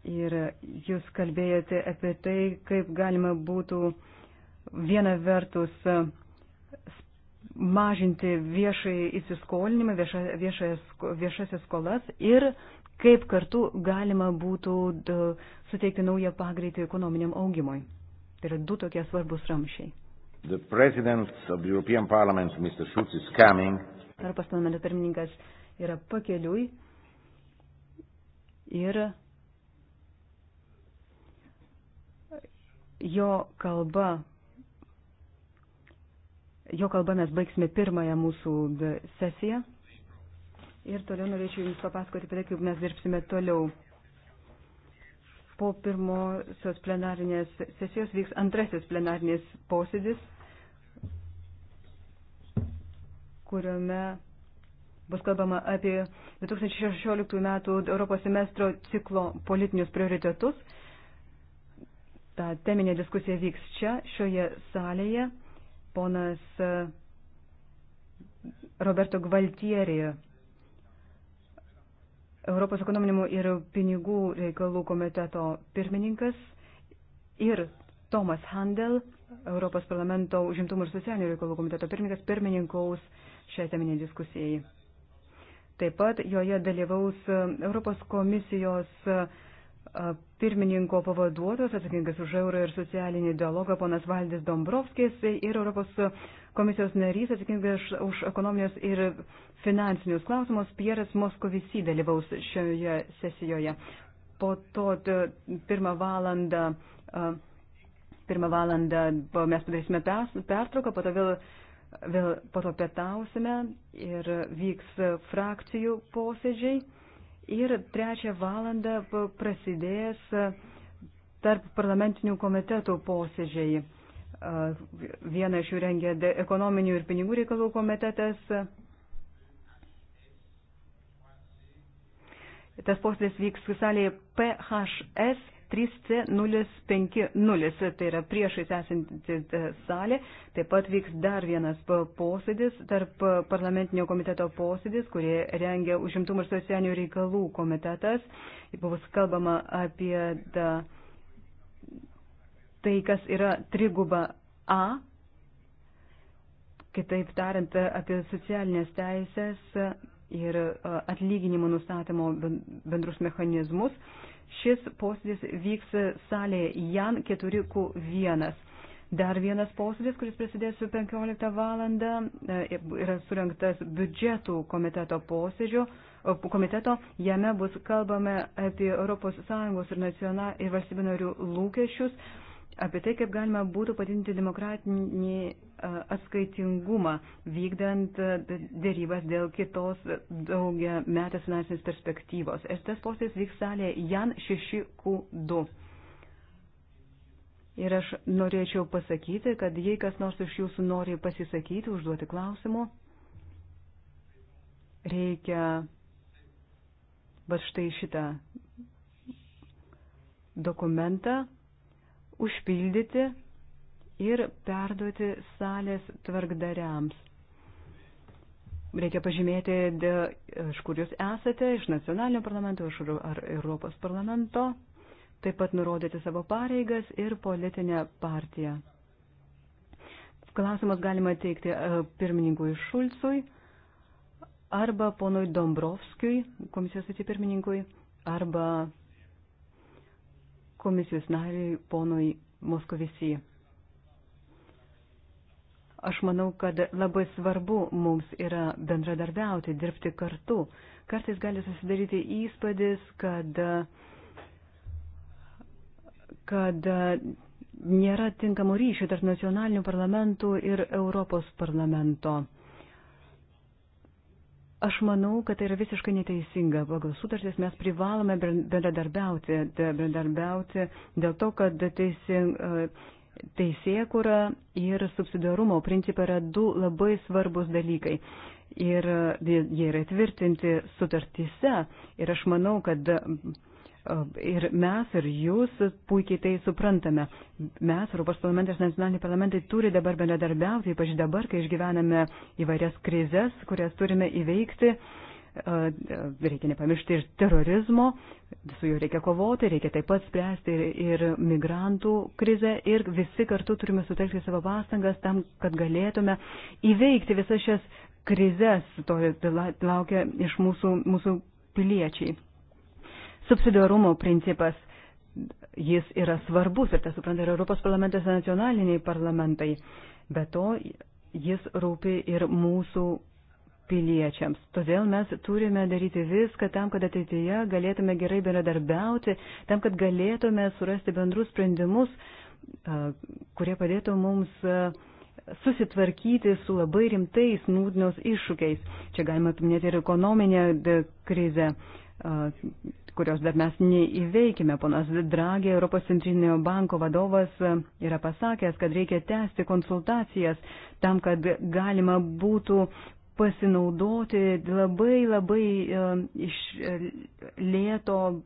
Ir jūs kalbėjote apie tai, kaip galima būtų viena vertus e, mažinti viešai įsiskolinimą, viešą, viešą, viešasias skolas ir kaip kartu galima būtų suteikti naują pagreitį ekonominiam augimui. Tai yra du tokie svarbus ramšiai. Europos parlamento pirmininkas yra pakeliui ir jo kalba, jo kalba mes baigsime pirmąją mūsų sesiją. Ir toliau norėčiau Jums papasakoti apie tai, kaip mes dirbsime toliau. Po pirmosios plenarinės sesijos vyks antrasis plenarinės posėdis, kuriame bus kalbama apie 2016 metų Europos semestro ciklo politinius prioritetus. Ta teminė diskusija vyks čia, šioje salėje. Ponas e, Roberto Gvaltieri, Europos ekonominių ir pinigų reikalų komiteto pirmininkas ir Tomas Handel, Europos parlamento užimtumų ir socialinių reikalų komiteto pirmininkas, pirmininkaus šiai teminė diskusijai. Taip pat joje dalyvaus Europos komisijos uh, pirmininko pavaduotojas atsakingas už eurą ir socialinį dialogą ponas Valdis Dombrovskis ir Europos komisijos narys atsakingas už ekonominius ir finansinius klausimus Pieras Moskovisi dalyvaus šioje sesijoje. Po to pirmą valandą, pirmą valandą mes padarysime pertrauką, po to vėl, vėl po to pietausime ir vyks frakcijų posėdžiai. Ir trečią valandą prasidės e, tarp parlamentinių komitetų posėdžiai. E, vieną iš jų rengia ekonominių ir pinigų reikalų komitetas. Tas posėdis vyks salėje PHS 3C050, tai yra priešais esanti e, salė. Taip pat vyks dar vienas posėdis, tarp parlamentinio komiteto posėdis, kurį rengia užimtumų ir socialinių reikalų komitetas. Bus kalbama apie da, tai, kas yra triguba A. Kitaip tariant, apie socialinės teisės ir e, atlyginimų nustatymo bendrus mechanizmus. Šis posėdis vyks salėje Jan 4Q1. Dar vienas posėdis, kuris prasidės 15 val. E, yra surinktas biudžetų komiteto posėdžio. Komiteto jame bus kalbame apie ES ir, nacional... ir valstybinarių lūkesčius apie tai, kaip galima būtų padinti demokratinį e, atskaitingumą, vykdant e, dėrybas dėl kitos daugia metės finansinės perspektyvos. Ir tas posėdis vyks salėje Jan 6Q2. Ir aš norėčiau pasakyti, kad jei kas nors iš jūsų nori pasisakyti, užduoti klausimų, reikia va štai šitą dokumentą užpildyti ir perduoti salės tvarkdariams. Reikia pažymėti, iš kur jūs esate, iš nacionalinio parlamento iš, ar Europos parlamento, taip pat nurodyti savo pareigas ir politinę partiją. Klausimas galima teikti e, pirmininkui Šulcui arba ponui Dombrovskijui, komisijos atipirmininkui, arba komisijos nariui ponui Moskovisi. Aš manau, kad labai svarbu mums yra bendradarbiauti, dirbti kartu. Kartais gali susidaryti įspūdis, kad, kad nėra tinkamo ryšio tarp nacionalinių parlamentų ir Europos parlamento. Aš manau, kad tai yra visiškai neteisinga. Pagal sutartis mes privalome bendradarbiauti, bendradarbiauti dėl to, kad teisė, teisėkura ir subsidiarumo principai yra du labai svarbus dalykai. Ir jie yra tvirtinti sutartyse. Ir aš manau, kad Ir mes, ir jūs puikiai tai suprantame. Mes, Europos parlamentas, nacionaliniai parlamentai turi dabar bendradarbiauti, ypač dabar, kai išgyvename įvairias krizės, kurias turime įveikti. Reikia nepamiršti ir terorizmo, su juo reikia kovoti, reikia taip pat spręsti ir, ir migrantų krizę ir visi kartu turime sutelkti savo pastangas tam, kad galėtume įveikti visas šias krizės, to laukia iš mūsų, mūsų piliečiai subsidiarumo principas. Jis yra svarbus ir tą supranta ir Europos parlamentas, ir nacionaliniai parlamentai. Be to, jis rūpi ir mūsų piliečiams. Todėl mes turime daryti viską tam, kad ateityje galėtume gerai bendradarbiauti, tam, kad galėtume surasti bendrus sprendimus, kurie padėtų mums susitvarkyti su labai rimtais nūdnios iššūkiais. Čia galima paminėti ir ekonominę krizę, kurios dar mes neįveikime. Ponas Dragė, Europos centrinio banko vadovas, yra pasakęs, kad reikia tęsti konsultacijas tam, kad galima būtų pasinaudoti labai labai e, iš e, lėto, e,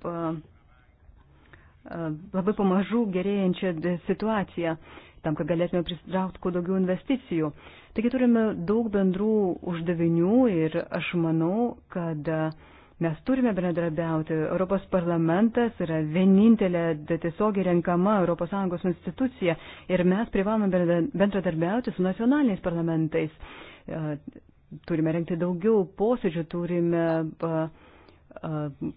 labai pamažu gerėjančią situaciją, tam, kad galėtume pristraukti kuo daugiau investicijų. Taigi turime daug bendrų uždavinių ir aš manau, kad uh, Mes turime bendradarbiauti. Europos parlamentas yra vienintelė tiesiogiai renkama ES institucija ir mes privalome bendradarbiauti su nacionaliniais parlamentais. E, turime renkti daugiau posėdžių, turime e, e,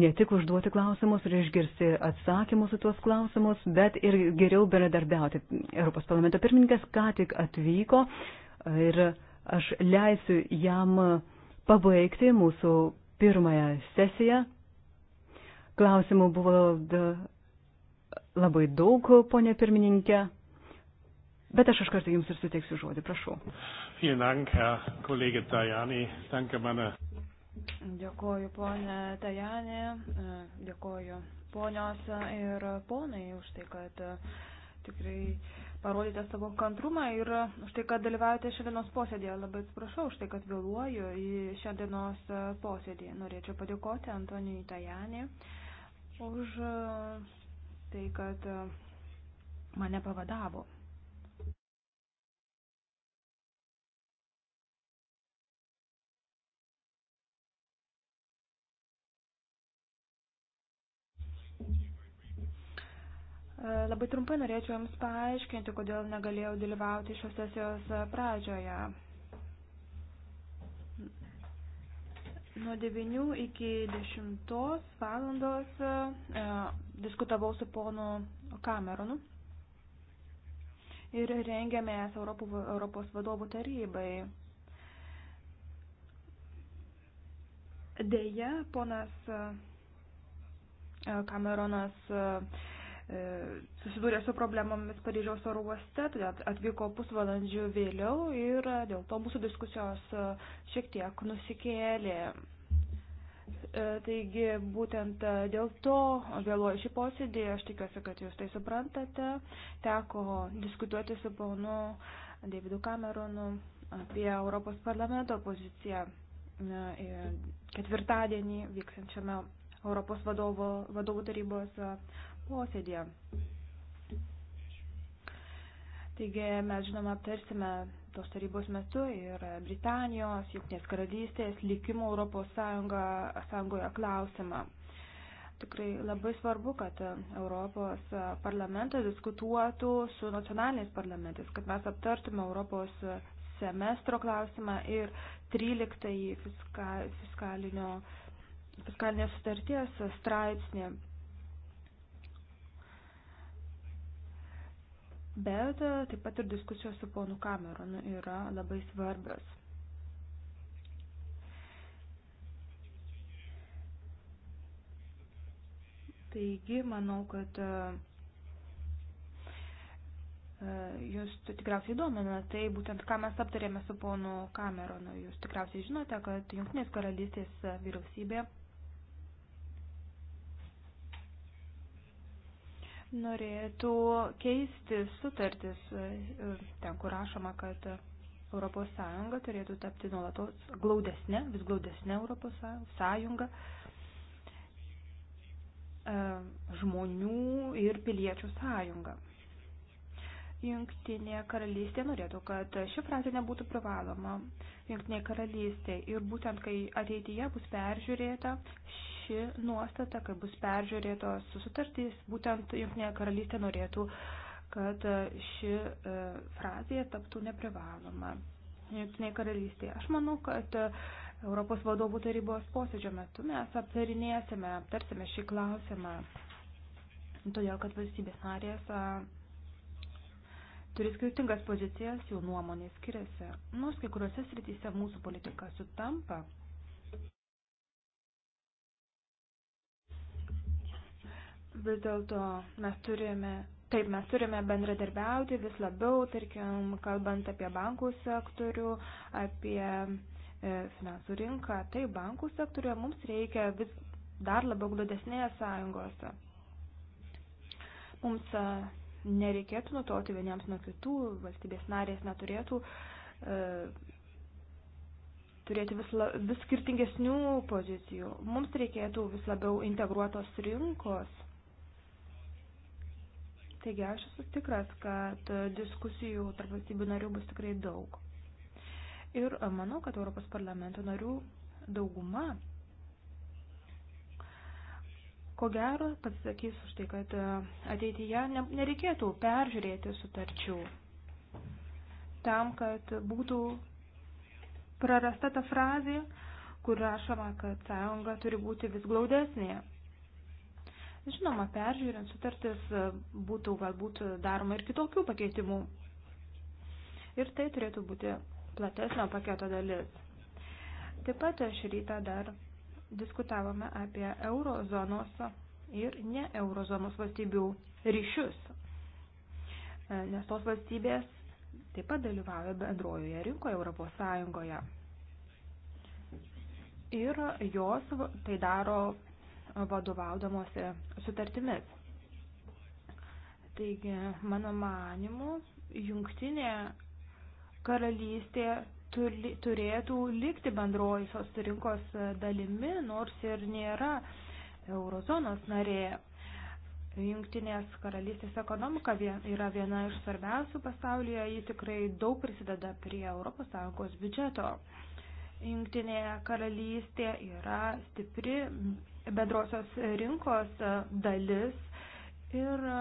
ne tik užduoti klausimus ir išgirsti atsakymus į tuos klausimus, bet ir geriau bendradarbiauti. Europos parlamento pirmininkas ką tik atvyko ir aš leisiu jam pabaigti mūsų pirmąją sesiją. Klausimų buvo labai daug, ponė pirmininkė. Bet aš iš karto jums ir suteiksiu žodį, prašau. Dėkoju, ponė Tajanė, dėkoju ponios ir ponai už tai, kad tikrai uh, parodėte savo kantrumą ir už tai, kad dalyvaujate šiandienos posėdėje. Labai atsiprašau už tai, kad vėluoju į šiandienos e, posėdį. Norėčiau padėkoti Antonijui Tajanį už e, tai, kad e, mane pavadavo. Labai trumpai norėčiau Jums paaiškinti, kodėl negalėjau dalyvauti šios sesijos pradžioje. Nuo 9 iki 10 valandos e, diskutavau su ponu Cameronu ir rengiamės Europos vadovų tarybai. Deja, ponas e, Cameronas e, E, susidūrė su problemomis Paryžiaus oro uoste, todėl atvyko pusvalandžių vėliau ir dėl to mūsų diskusijos e, šiek tiek nusikėlė. E, taigi būtent dėl to vėluoju šį posėdį, aš tikiuosi, kad jūs tai suprantate, teko diskutuoti su ponu Davidu Cameronu apie Europos parlamento poziciją ketvirtadienį vyksiančiame Europos vadovo, vadovų tarybos posėdėje. Taigi mes, žinoma, aptarsime tos tarybos metu ir Britanijos, Junktinės karalystės, likimo Europos Sąjunga, Sąjungoje klausimą. Tikrai labai svarbu, kad Europos parlamentas diskutuotų su nacionaliniais parlamentais, kad mes aptartume Europos semestro klausimą ir 13 fiska, fiskalinio, fiskalinės sutarties straipsnį Bet e, taip pat ir diskusijos su ponu Cameronu yra labai svarbios. Taigi, manau, kad e, e, jūs tikriausiai domina, tai būtent ką mes aptarėme su ponu Cameronu. Jūs tikriausiai žinote, kad Junktinės karalystės vyriausybė norėtų keisti sutartis e, e, ten, kur rašoma, kad ES turėtų tapti nuolatos glaudesnė, vis glaudesnė ES e, žmonių ir piliečių sąjunga. Jungtinė karalystė norėtų, kad ši frazė nebūtų privaloma Jungtinė karalystė ir būtent kai ateityje bus peržiūrėta ši nuostata, kad bus peržiūrėtos sutartys, būtent Junktinė karalystė norėtų, kad ši e, frazė taptų neprivaloma. Junktinė karalystė. Aš manau, kad e, Europos vadovų tarybos posėdžio metu mes aptarinėsime, aptarsime šį klausimą, todėl kad valstybės narės turi skirtingas pozicijas, jų nuomonės skiriasi. Nors kai kuriuose srityse mūsų politika sutampa, vis dėlto mes turime, taip, mes turime bendradarbiauti vis labiau, tarkim, kalbant apie bankų sektorių, apie e, finansų rinką, tai bankų sektoriuje mums reikia vis dar labiau glodesnės sąjungos. Mums e, nereikėtų nutoti vieniems nuo kitų, valstybės narės neturėtų e, turėti vis, la, vis skirtingesnių pozicijų. Mums reikėtų vis labiau integruotos rinkos Taigi aš esu tikras, kad diskusijų tarp valstybių narių bus tikrai daug. Ir manau, kad Europos parlamento narių dauguma, ko gero, pasisakys už tai, kad ateityje nereikėtų peržiūrėti sutarčių tam, kad būtų prarasta ta frazė, kur rašoma, kad sąjunga turi būti vis glaudesnė. Žinoma, peržiūrint sutartis e, būtų galbūt daroma ir kitokių pakeitimų. Ir tai turėtų būti platesnio paketo dalis. Taip pat šį rytą dar diskutavome apie eurozonos ir ne eurozonos valstybių ryšius, e, nes tos valstybės taip pat dalyvauja bendrojoje rinkoje Europos Sąjungoje. Ir jos tai daro vadovaudamosi sutartimis. Taigi, mano manimu, jungtinė karalystė turėtų likti bendrojusios rinkos dalimi, nors ir nėra eurozonos narė. Jungtinės karalystės ekonomika yra viena iš svarbiausių pasaulyje, ji tikrai daug prisideda prie ES biudžeto. Jungtinė karalystė yra stipri bedrosios rinkos e, dalis ir e,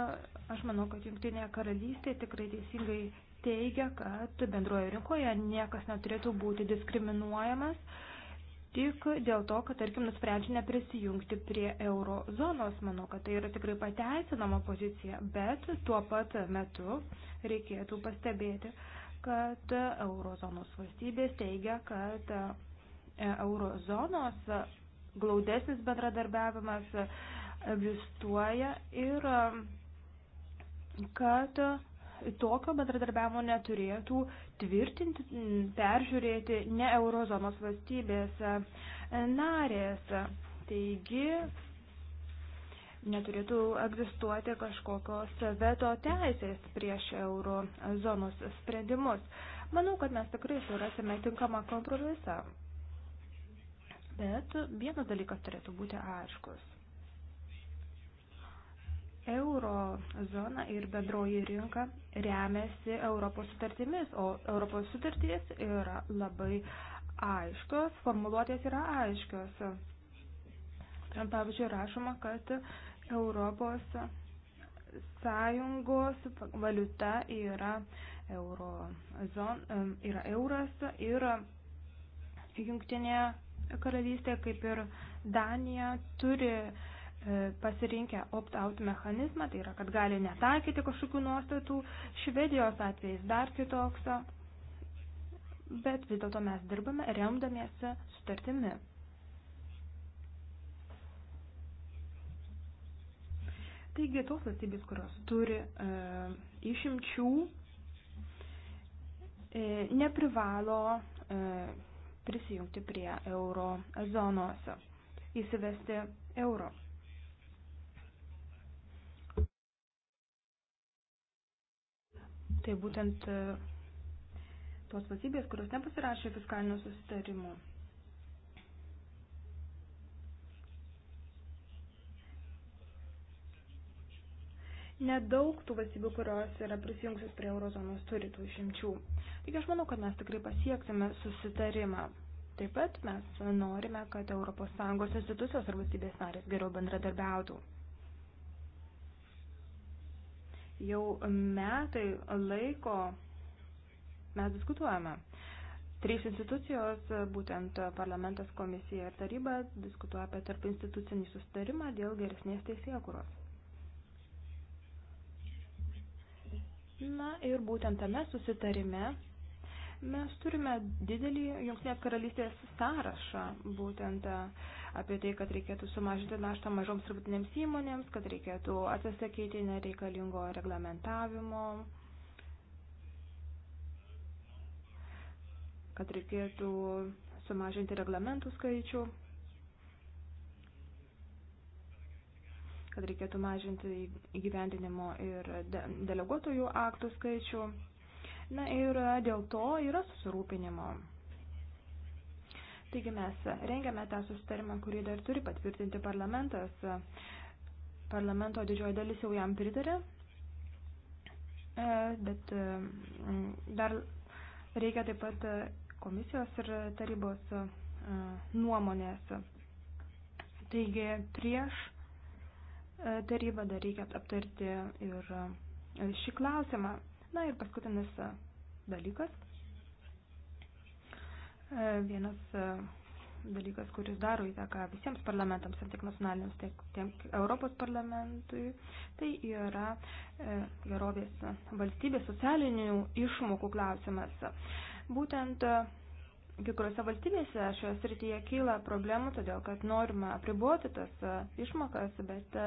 aš manau, kad Junktinė karalystė tikrai teisingai teigia, kad bendroje rinkoje niekas neturėtų būti diskriminuojamas tik dėl to, kad, tarkim, nusprendžia neprisijungti prie eurozonos. Manau, kad tai yra tikrai pateisinama pozicija, bet tuo pat metu reikėtų pastebėti, kad eurozonos valstybės teigia, kad e, eurozonos glaudesnis bendradarbiavimas egzistuoja ir um, kad tokio bendradarbiavimo neturėtų tvirtinti, peržiūrėti ne eurozonos valstybės narės. Taigi neturėtų egzistuoti kažkokios veto teisės prieš eurozonos sprendimus. Manau, kad mes tikrai surasime tinkamą kompromisą. Bet vienas dalykas turėtų būti aiškus. Euro zona ir bendroji rinka remiasi Europos sutartimis, o Europos sutartys yra labai aiškios, formuluotės yra aiškios. Ten pavyzdžiui rašoma, kad Europos sąjungos valiuta yra, euro, zon, yra euras ir jungtinė karalystė, kaip ir Danija, turi e, pasirinkę opt-out mechanizmą, tai yra, kad gali netaikyti kažkokių nuostatų. Švedijos atvejais dar kitoks, bet vis dėlto mes dirbame remdamiesi sutartimi. Taigi tos valstybės, kurios turi e, išimčių, e, neprivalo e, prisijungti prie euro zonos, įsivesti euro. Tai būtent e, tos valstybės, kurios nepasirašė fiskalinių susitarimų, Nedaug tų valstybių, kurios yra prisijungusios prie eurozonos, turi tų išimčių. Taigi aš manau, kad mes tikrai pasieksime susitarimą. Taip pat mes norime, kad ES institucijos ar valstybės narės geriau bendradarbiautų. Jau metai laiko mes diskutuojame. Trys institucijos, būtent parlamentas, komisija ir taryba, diskutuoja apie tarp institucinį sustarimą dėl geresnės teisėkuros. Na ir būtent tame susitarime mes turime didelį Junktinės karalystės sąrašą būtent e, apie tai, kad reikėtų sumažinti naštą mažoms ir būtinėms įmonėms, kad reikėtų atsisakyti nereikalingo reglamentavimo, kad reikėtų sumažinti reglamentų skaičių. kad reikėtų mažinti įgyvendinimo ir deleguotojų aktų skaičių. Na ir dėl to yra susirūpinimo. Taigi mes rengiame tą susitarimą, kurį dar turi patvirtinti parlamentas. Parlamento didžioji dalis jau jam pritarė, e, bet e, dar reikia taip pat komisijos ir tarybos e, nuomonės. Taigi prieš darybą, dar reikia aptarti ir e, šį klausimą. Na ir paskutinis e, dalykas. E, vienas dalykas, kuris daro įtaką visiems parlamentams, tiek nacionaliniams, tiek, tiek Europos parlamentui, tai yra gerovės valstybės socialinių išmokų klausimas. Būtent kai kuriuose valstybėse šioje srityje kyla problemų, todėl kad norima apriboti tas e, išmokas, bet e,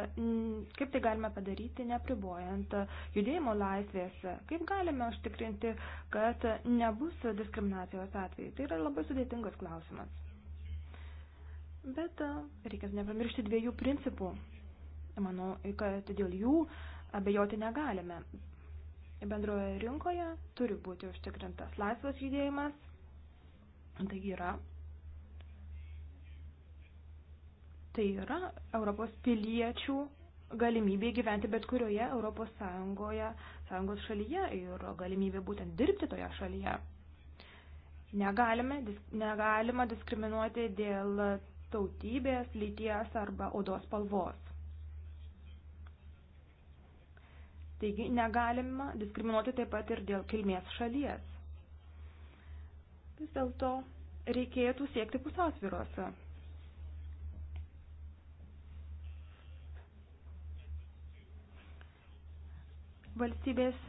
kaip tai galime padaryti, neapribojant e, judėjimo laisvės, kaip galime užtikrinti, kad nebus diskriminacijos atveju. Tai yra labai sudėtingas klausimas. Bet reikės nepamiršti dviejų principų. Manau, kad dėl jų abejoti negalime. Bendroje rinkoje turi būti užtikrintas laisvas judėjimas Tai yra, tai yra Europos piliečių galimybė gyventi bet kurioje Europos Sąjungoje, Sąjungos šalyje ir galimybė būtent dirbti toje šalyje. Negalime, dis, negalima diskriminuoti dėl tautybės, lyties arba odos spalvos. Taigi negalima diskriminuoti taip pat ir dėl kilmės šalies vis dėlto reikėtų siekti pusiausvyros. Valstybės,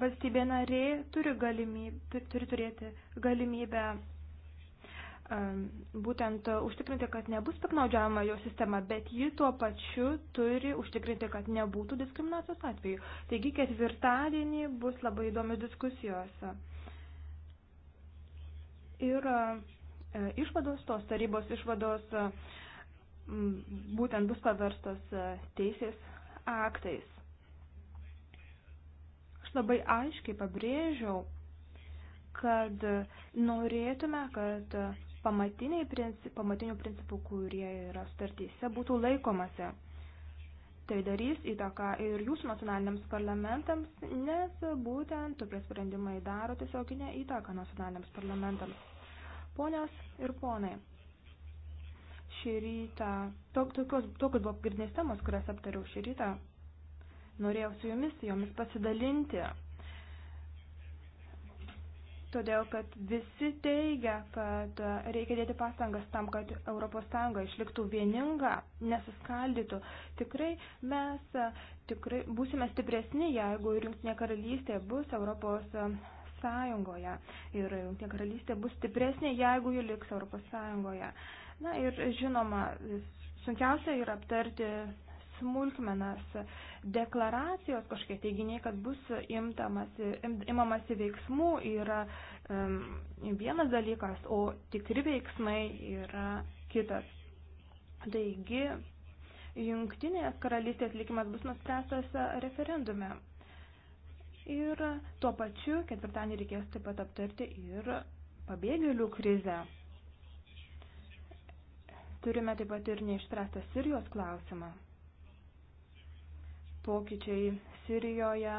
valstybė narė turi, galimybę, turi turėti galimybę um, būtent užtikrinti, kad nebus piknaudžiavama jo sistema, bet ji tuo pačiu turi užtikrinti, kad nebūtų diskriminacijos atveju. Taigi ketvirtadienį bus labai įdomios diskusijos ir e, išvados, tos tarybos išvados e, būtent bus paverstos e, teisės aktais. Aš labai aiškiai pabrėžiau, kad norėtume, kad pamatiniai princip, pamatinių principų, kurie yra startyse, būtų laikomasi. Tai darys įtaką ir jūsų nacionaliniams parlamentams, nes būtent tokie sprendimai daro tiesioginę įtaką nacionaliniams parlamentams. Ponios ir ponai, šį rytą, to, tokios, tokios buvo pagrindinės temos, kurias aptariau šį rytą, norėjau su jumis, jomis pasidalinti. Todėl, kad visi teigia, kad reikia dėti pastangas tam, kad ES išliktų vieninga, nesiskaldytų. Tikrai mes tikrai būsime stipresni, jeigu ir Junktinė karalystė bus ES Sąjungoje. Ir Jungtinė karalystė bus stipresnė, jeigu ji liks Europos Sąjungoje. Na ir žinoma, sunkiausia yra aptarti smulkmenas deklaracijos kažkokie teiginiai, kad bus imtamasi, imamasi veiksmų yra um, vienas dalykas, o tikri veiksmai yra kitas. Taigi, jungtinės karalystės likimas bus nuspręstas referendume. Ir tuo pačiu ketvirtadienį reikės taip pat aptarti ir pabėgėlių krizę. Turime taip pat ir neišspręstą Sirijos klausimą. Pokyčiai Sirijoje,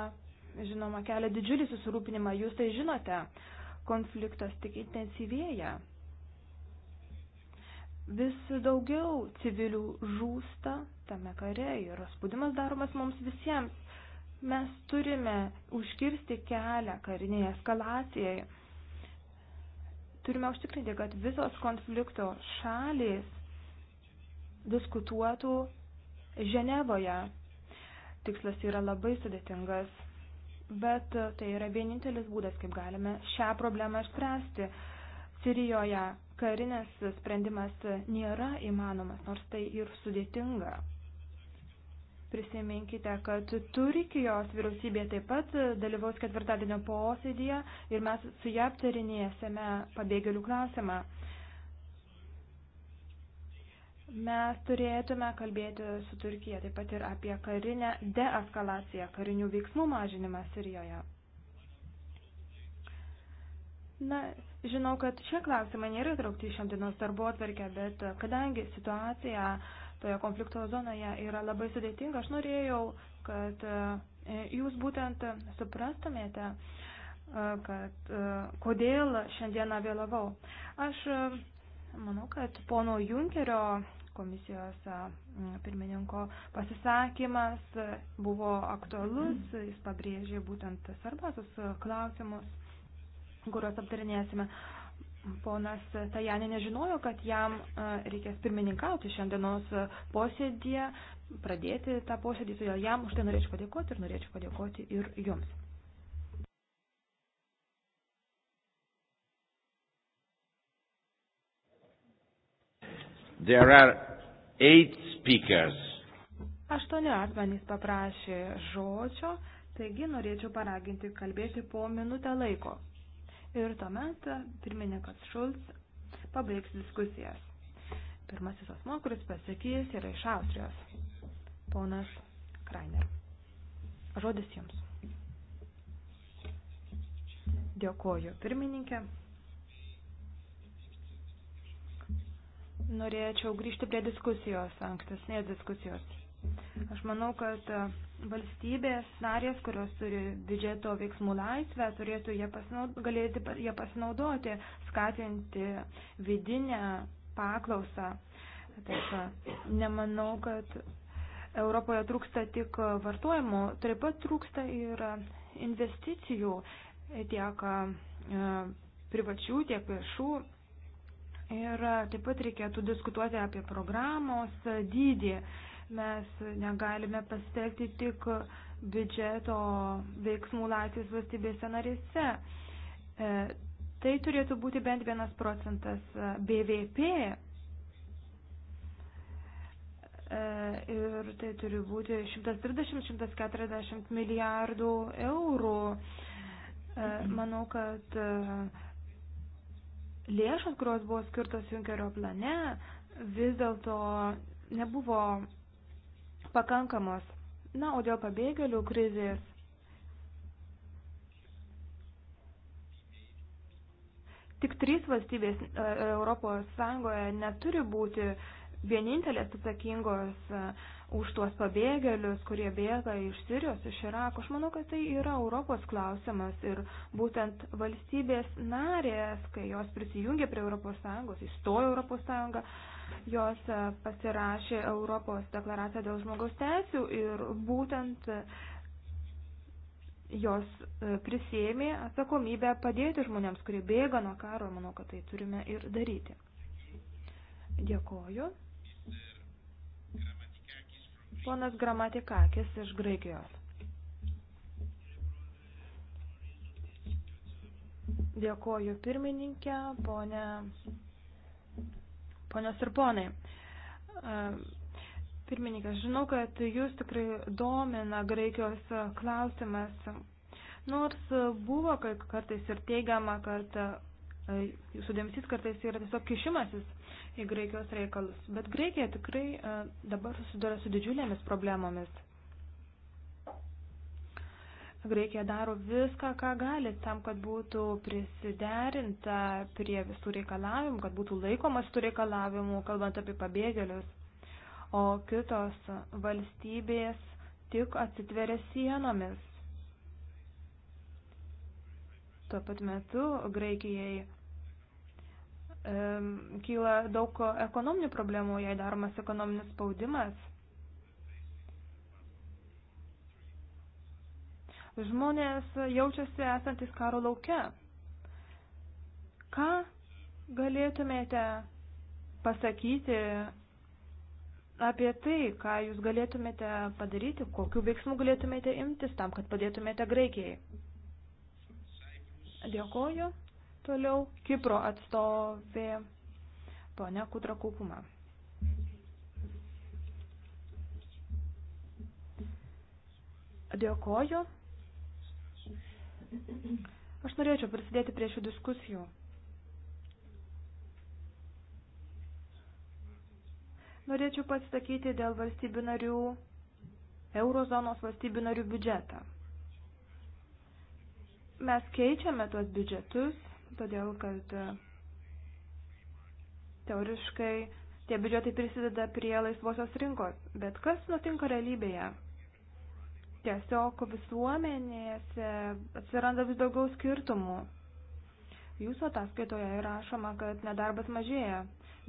žinoma, kelia didžiulį susirūpinimą, jūs tai žinote, konfliktas tik intensyvėja. Vis daugiau civilių žūsta tame kare ir spaudimas daromas mums visiems Mes turime užkirsti kelią kariniai eskalacijai. Turime užtikrinti, kad visos konflikto šalys diskutuotų Ženevoje. Tikslas yra labai sudėtingas, bet tai yra vienintelis būdas, kaip galime šią problemą išspręsti. Sirijoje karinės sprendimas nėra įmanomas, nors tai ir sudėtinga. Prisiminkite, kad Turkijos vyriausybė taip pat dalyvaus ketvirtadienio posėdėje ir mes su ją aptarinėsime pabėgėlių klausimą. Mes turėtume kalbėti su Turkija taip pat ir apie karinę deeskalaciją, karinių veiksmų mažinimą Sirijoje. Na, žinau, kad šie klausimai nėra traukti šiandienos darbo atverkę, bet kadangi situacija uh, toje konflikto zonoje yra labai sudėtinga. Aš norėjau, kad e, jūs būtent suprastumėte, e, kad e, kodėl šiandieną vėlavau. Aš manau, kad pono Junkerio komisijos pirmininko pasisakymas buvo aktualus, mhm. jis pabrėžė būtent svarbiausius klausimus, kuriuos aptarinėsime. Ponas Tajanė nežinojo, kad jam e, reikės pirmininkauti šiandienos e, posėdėje, pradėti tą posėdį, todėl jam už tai norėčiau padėkoti ir norėčiau padėkoti ir jums. There are eight speakers. Aštuoni asmenys paprašė žodžio, taigi norėčiau paraginti kalbėti po minutę laiko ir tuomet e, pirmininkas Šulc pabaigs diskusijas. Pirmasis asmo, kuris pasakys, yra iš Austrijos. Ponas Krainer. Žodis jums. Dėkoju pirmininkė. Norėčiau grįžti prie diskusijos, ankstesnės diskusijos. Aš manau, kad e, valstybės narės, kurios turi biudžeto veiksmų laisvę, turėtų jie pasinaudoti, galėti jie pasinaudoti, skatinti vidinę paklausą. Taip, nemanau, kad Europoje trūksta tik vartojimo, taip pat trūksta ir investicijų tiek e, privačių, tiek viešų. Ir taip pat reikėtų diskutuoti apie programos dydį Mes negalime pasitelkti tik biudžeto veiksmų laisvės valstybėse narėse. E, tai turėtų būti bent vienas procentas e, BVP. E, ir tai turi būti 130-140 milijardų eurų. Manau, kad lėšos, kurios buvo skirtos Junkerio plane, vis dėlto nebuvo pakankamos. Na, o dėl pabėgėlių krizės. Tik trys valstybės e, e, Europos Sąjungoje neturi būti vienintelės atsakingos e, už tuos pabėgėlius, kurie bėga iš Sirijos, iš Irako. Aš manau, kad tai yra Europos klausimas ir būtent valstybės narės, kai jos prisijungia prie Europos Sąjungos, įstojo Europos Sąjungą, Jos e, pasirašė Europos deklaraciją dėl žmogaus teisių ir būtent e, jos e, prisėmė atsakomybę padėti žmonėms, kurie bėga nuo karo. Manau, kad tai turime ir daryti. Dėkoju. Ponas Gramatikakis iš Graikijos. Dėkoju pirmininkė, ponė ponios ir ponai. E, pirmininkas, žinau, kad jūs tikrai domina Graikijos klausimas. Nors buvo kartais ir teigiama, kad e, jūsų dėmesys kartais yra tiesiog kišimasis į Graikijos reikalus. Bet Graikija tikrai e, dabar susiduria su didžiulėmis problemomis. Graikija daro viską, ką gali, tam, kad būtų prisiderinta prie visų reikalavimų, kad būtų laikomas tų reikalavimų, kalbant apie pabėgėlius. O kitos valstybės tik atsitveria sienomis. Tuo pat metu Graikijai kyla daug ekonominių problemų, jei daromas ekonominis spaudimas. Žmonės jaučiasi esantis karo laukia. Ką galėtumėte pasakyti apie tai, ką jūs galėtumėte padaryti, kokiu veiksmu galėtumėte imtis tam, kad padėtumėte Graikijai? Dėkoju. Toliau Kipro atstovė ponia Kutra Kukuma. Dėkoju. Aš norėčiau prisidėti prie šių diskusijų. Norėčiau pasisakyti dėl valstybių narių, eurozonos valstybių narių biudžetą. Mes keičiame tuos biudžetus, todėl kad e, teoriškai tie biudžetai prisideda prie laisvosios rinkos. Bet kas nutinka realybėje? tiesiog visuomenėse atsiranda vis daugiau skirtumų. Jūsų ataskaitoje rašoma, kad nedarbas mažėja,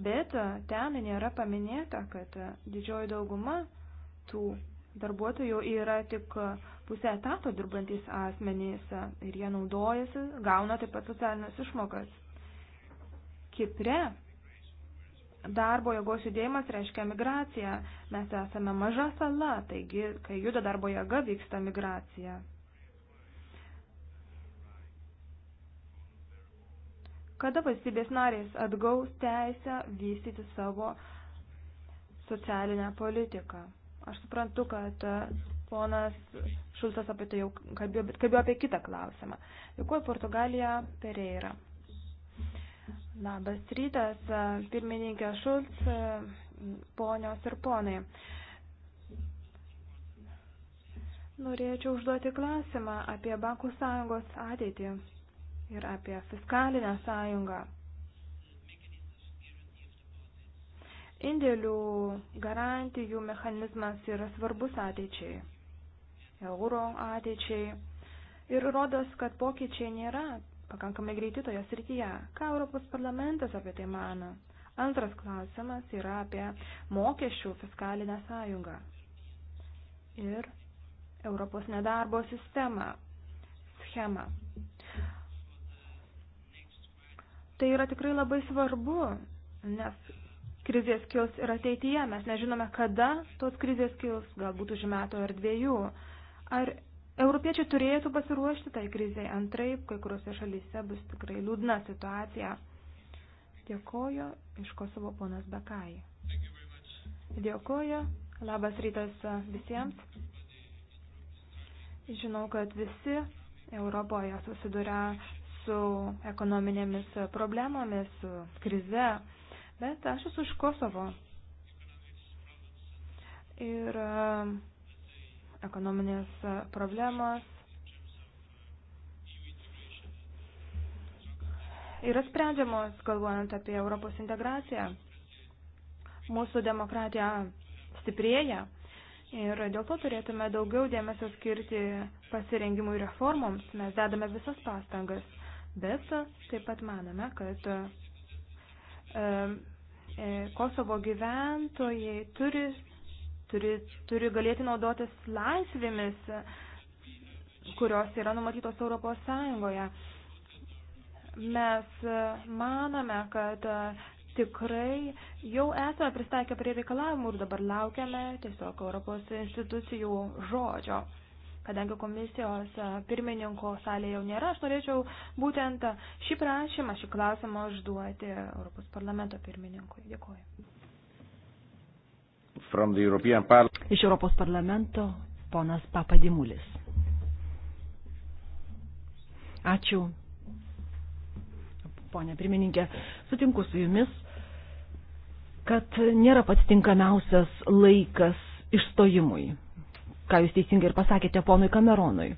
bet ten nėra paminėta, kad didžioji dauguma tų darbuotojų yra tik pusę etato dirbantis asmenys ir jie naudojasi, gauna taip pat socialinės išmokas. Kipre darbo jėgos judėjimas reiškia migraciją. Mes esame maža sala, taigi, kai juda darbo jėga, vyksta migracija. Kada valstybės narės atgaus teisę vystyti savo socialinę politiką? Aš suprantu, kad e, ponas Šulcas apie tai jau kalbėjo, bet kalbėjo apie kitą klausimą. Dėkuoju Portugalija Pereira. Labas rytas, e, pirmininkė Šulc, e, ponios ir ponai. Norėčiau užduoti klausimą apie Bankų sąjungos ateitį ir apie fiskalinę sąjungą. Indėlių garantijų mechanizmas yra svarbus ateičiai, euro ateičiai ir rodos, kad pokyčiai nėra pakankamai greiti toje srityje. Ką Europos parlamentas apie tai mano? Antras klausimas yra apie mokesčių fiskalinę sąjungą ir Europos nedarbo sistemą, schemą. Tai yra tikrai labai svarbu, nes krizės kils ir ateityje. Mes nežinome, kada tos krizės kils, galbūt už metų ar dviejų. Ar Europiečiai turėtų pasiruošti tai krizai, antraip kai kuriuose šalyse bus tikrai liūdna situacija. Dėkoju iš Kosovo ponas Bekai. Dėkoju, labas rytas visiems. Žinau, kad visi Europoje susiduria su ekonominėmis problemomis, su krize, bet aš esu iš Kosovo. Ir uh, ekonominės e, problemos yra sprendžiamos, galvojant apie Europos integraciją. Mūsų demokratija stiprėja ir dėl to turėtume daugiau dėmesio skirti pasirengimui reformoms. Mes dedame visas pastangas, bet taip pat manome, kad e, e, Kosovo gyventojai turi turi, turi galėti naudotis laisvėmis, kurios yra numatytos Europos Sąjungoje. Mes e, maname, kad e, tikrai jau esame pristaikę prie reikalavimų ir dabar laukiame tiesiog Europos institucijų žodžio. Kadangi komisijos e, pirmininko salė jau nėra, aš norėčiau būtent šį prašymą, šį klausimą užduoti Europos parlamento pirmininkui. Dėkuoju. Iš Europos parlamento ponas Papadimulis. Ačiū, ponė pirmininkė. Sutinku su jumis, kad nėra pats tinkamiausias laikas išstojimui, ką jūs teisingai ir pasakėte ponui Kameronui.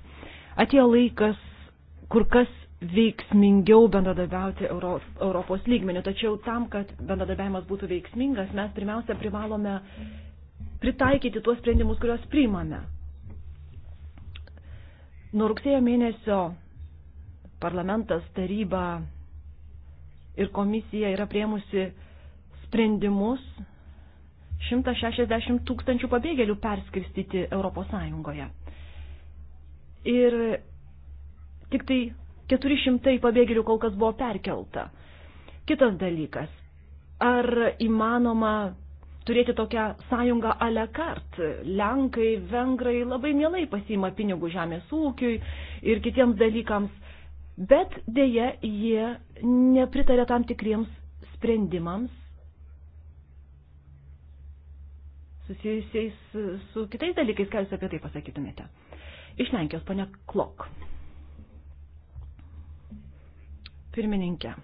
Atėjo laikas kur kas veiksmingiau bendradarbiauti Euro, Europos lygmeniu, tačiau tam, kad bendradarbiavimas būtų veiksmingas, mes pirmiausia privalome pritaikyti tuos sprendimus, kuriuos priimame. Nuo rugsėjo mėnesio parlamentas, taryba ir komisija yra priemusi sprendimus 160 tūkstančių pabėgėlių perskirstyti Europos Sąjungoje. Ir tik tai 400 pabėgėlių kol kas buvo perkelta. Kitas dalykas, ar įmanoma turėti tokią sąjungą ale kart. Lenkai, vengrai labai mielai pasiima pinigų žemės ūkiui ir kitiems dalykams, bet dėje jie nepritarė tam tikriems sprendimams susijusiais su kitais dalykais, ką jūs apie tai pasakytumėte. Iš Lenkijos, ponia Klok. Pirmininkė.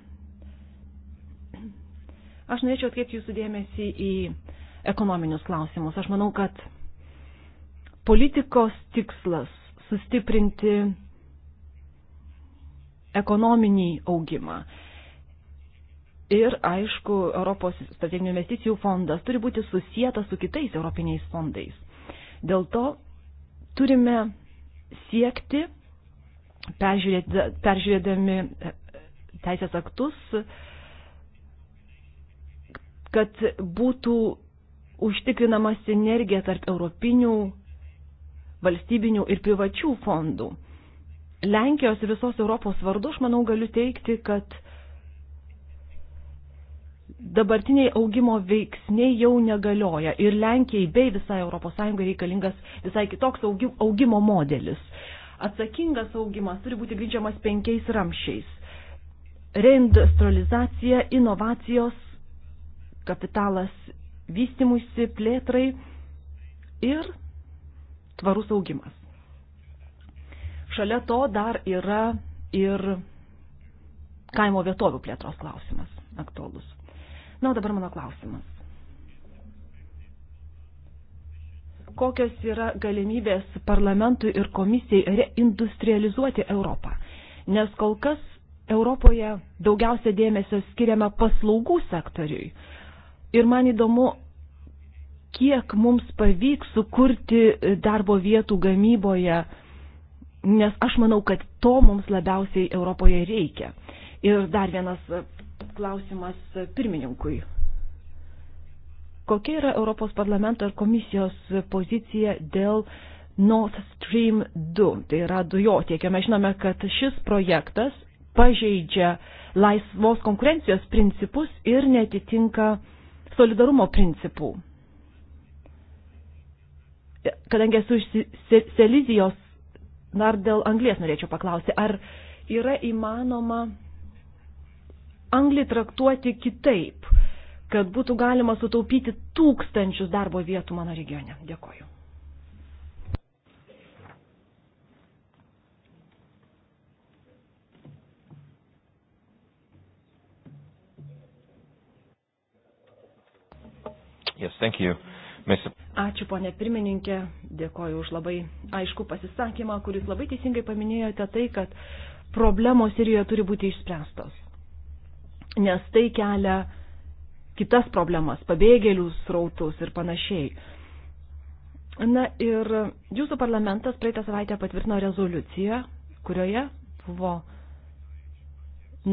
Aš norėčiau atkreipti jūsų dėmesį į ekonominius klausimus. Aš manau, kad politikos tikslas sustiprinti ekonominį augimą. Ir, aišku, Europos strateginių investicijų fondas turi būti susijęta su kitais europiniais fondais. Dėl to turime siekti, peržiūrėdami teisės aktus, kad būtų užtikrinama sinergija tarp europinių, valstybinių ir privačių fondų. Lenkijos ir visos Europos vardu, aš manau, galiu teikti, kad dabartiniai augimo veiksniai jau negalioja ir Lenkijai bei visai ES reikalingas visai kitoks augimo modelis. Atsakingas augimas turi būti grindžiamas penkiais ramšiais. Reindustrializacija, inovacijos, kapitalas vystimuisi plėtrai ir tvarus augimas. Šalia to dar yra ir kaimo vietovių plėtros klausimas aktualus. Na, o dabar mano klausimas. Kokios yra galimybės parlamentui ir komisijai reindustrializuoti Europą? Nes kol kas Europoje daugiausia dėmesio skiriama paslaugų sektoriui, Ir man įdomu, kiek mums pavyks sukurti darbo vietų gamyboje, nes aš manau, kad to mums labiausiai Europoje reikia. Ir dar vienas klausimas pirmininkui. Kokia yra Europos parlamento ir komisijos pozicija dėl Nord Stream 2, tai yra dujotiekio. Mes žinome, kad šis projektas pažeidžia laisvos konkurencijos principus ir netitinka uh, solidarumo principų. Kadangi esu iš Selizijos, dar dėl anglės norėčiau paklausti, ar yra įmanoma anglį traktuoti kitaip, kad būtų galima sutaupyti tūkstančius darbo vietų mano regione. Dėkoju. Yes, thank you. Mr. Ačiū, ponė pirmininkė. Dėkoju už labai aišku pasisakymą, kuris labai teisingai paminėjote tai, kad problemos Sirijoje turi būti išspręstos. Nes tai kelia kitas problemas, pabėgėlių srautus ir panašiai. Na ir jūsų parlamentas praeitą savaitę patvirtino rezoliuciją, kurioje buvo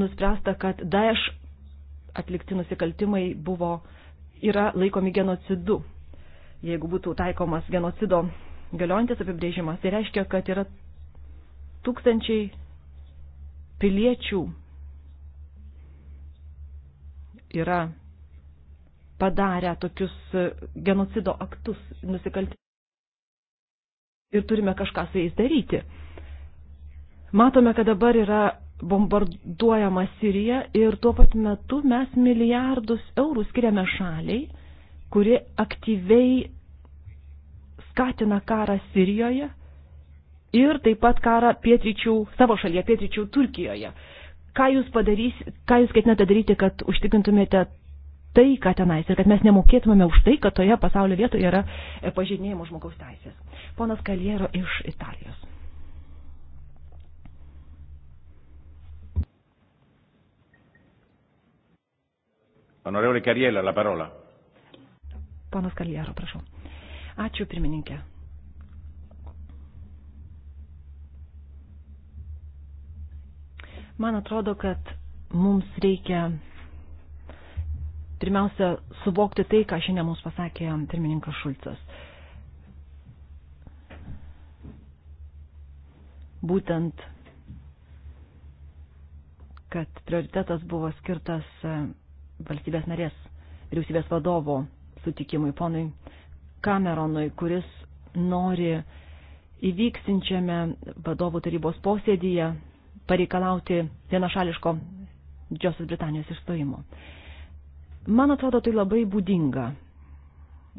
nuspręsta, kad Daesh atlikti nusikaltimai buvo yra laikomi genocidu. Jeigu būtų taikomas genocido galiojantis apibrėžimas, tai reiškia, kad yra tūkstančiai piliečių yra padarę tokius genocido aktus, nusikaltimus. Ir turime kažką su jais daryti. Matome, kad dabar yra bombarduojama Sirija ir tuo pat metu mes milijardus eurų skiriame šaliai, kuri aktyviai skatina karą Sirijoje ir taip pat karą pietryčių, savo šalyje pietryčių Turkijoje. Ką jūs, padarys, ką jūs ketinate daryti, kad užtikrintumėte tai, ką tenais ir kad mes nemokėtumėme už tai, kad toje pasaulio vietoje yra e, pažinėjimo žmogaus teisės. Ponas Kaliero iš Italijos. Honorevole Karielė, la parola. Panas Kaliero, prašau. Ačiū, pirmininkė. Man atrodo, kad mums reikia pirmiausia suvokti tai, ką šiandien mums pasakė pirmininkas Šulcas. Būtent, kad prioritetas buvo skirtas valstybės narės vyriausybės vadovo sutikimui, ponui Cameronui, kuris nori įvyksinčiame vadovų tarybos posėdyje pareikalauti vienašališko Didžiosios Britanijos išstojimo. Man atrodo, tai labai būdinga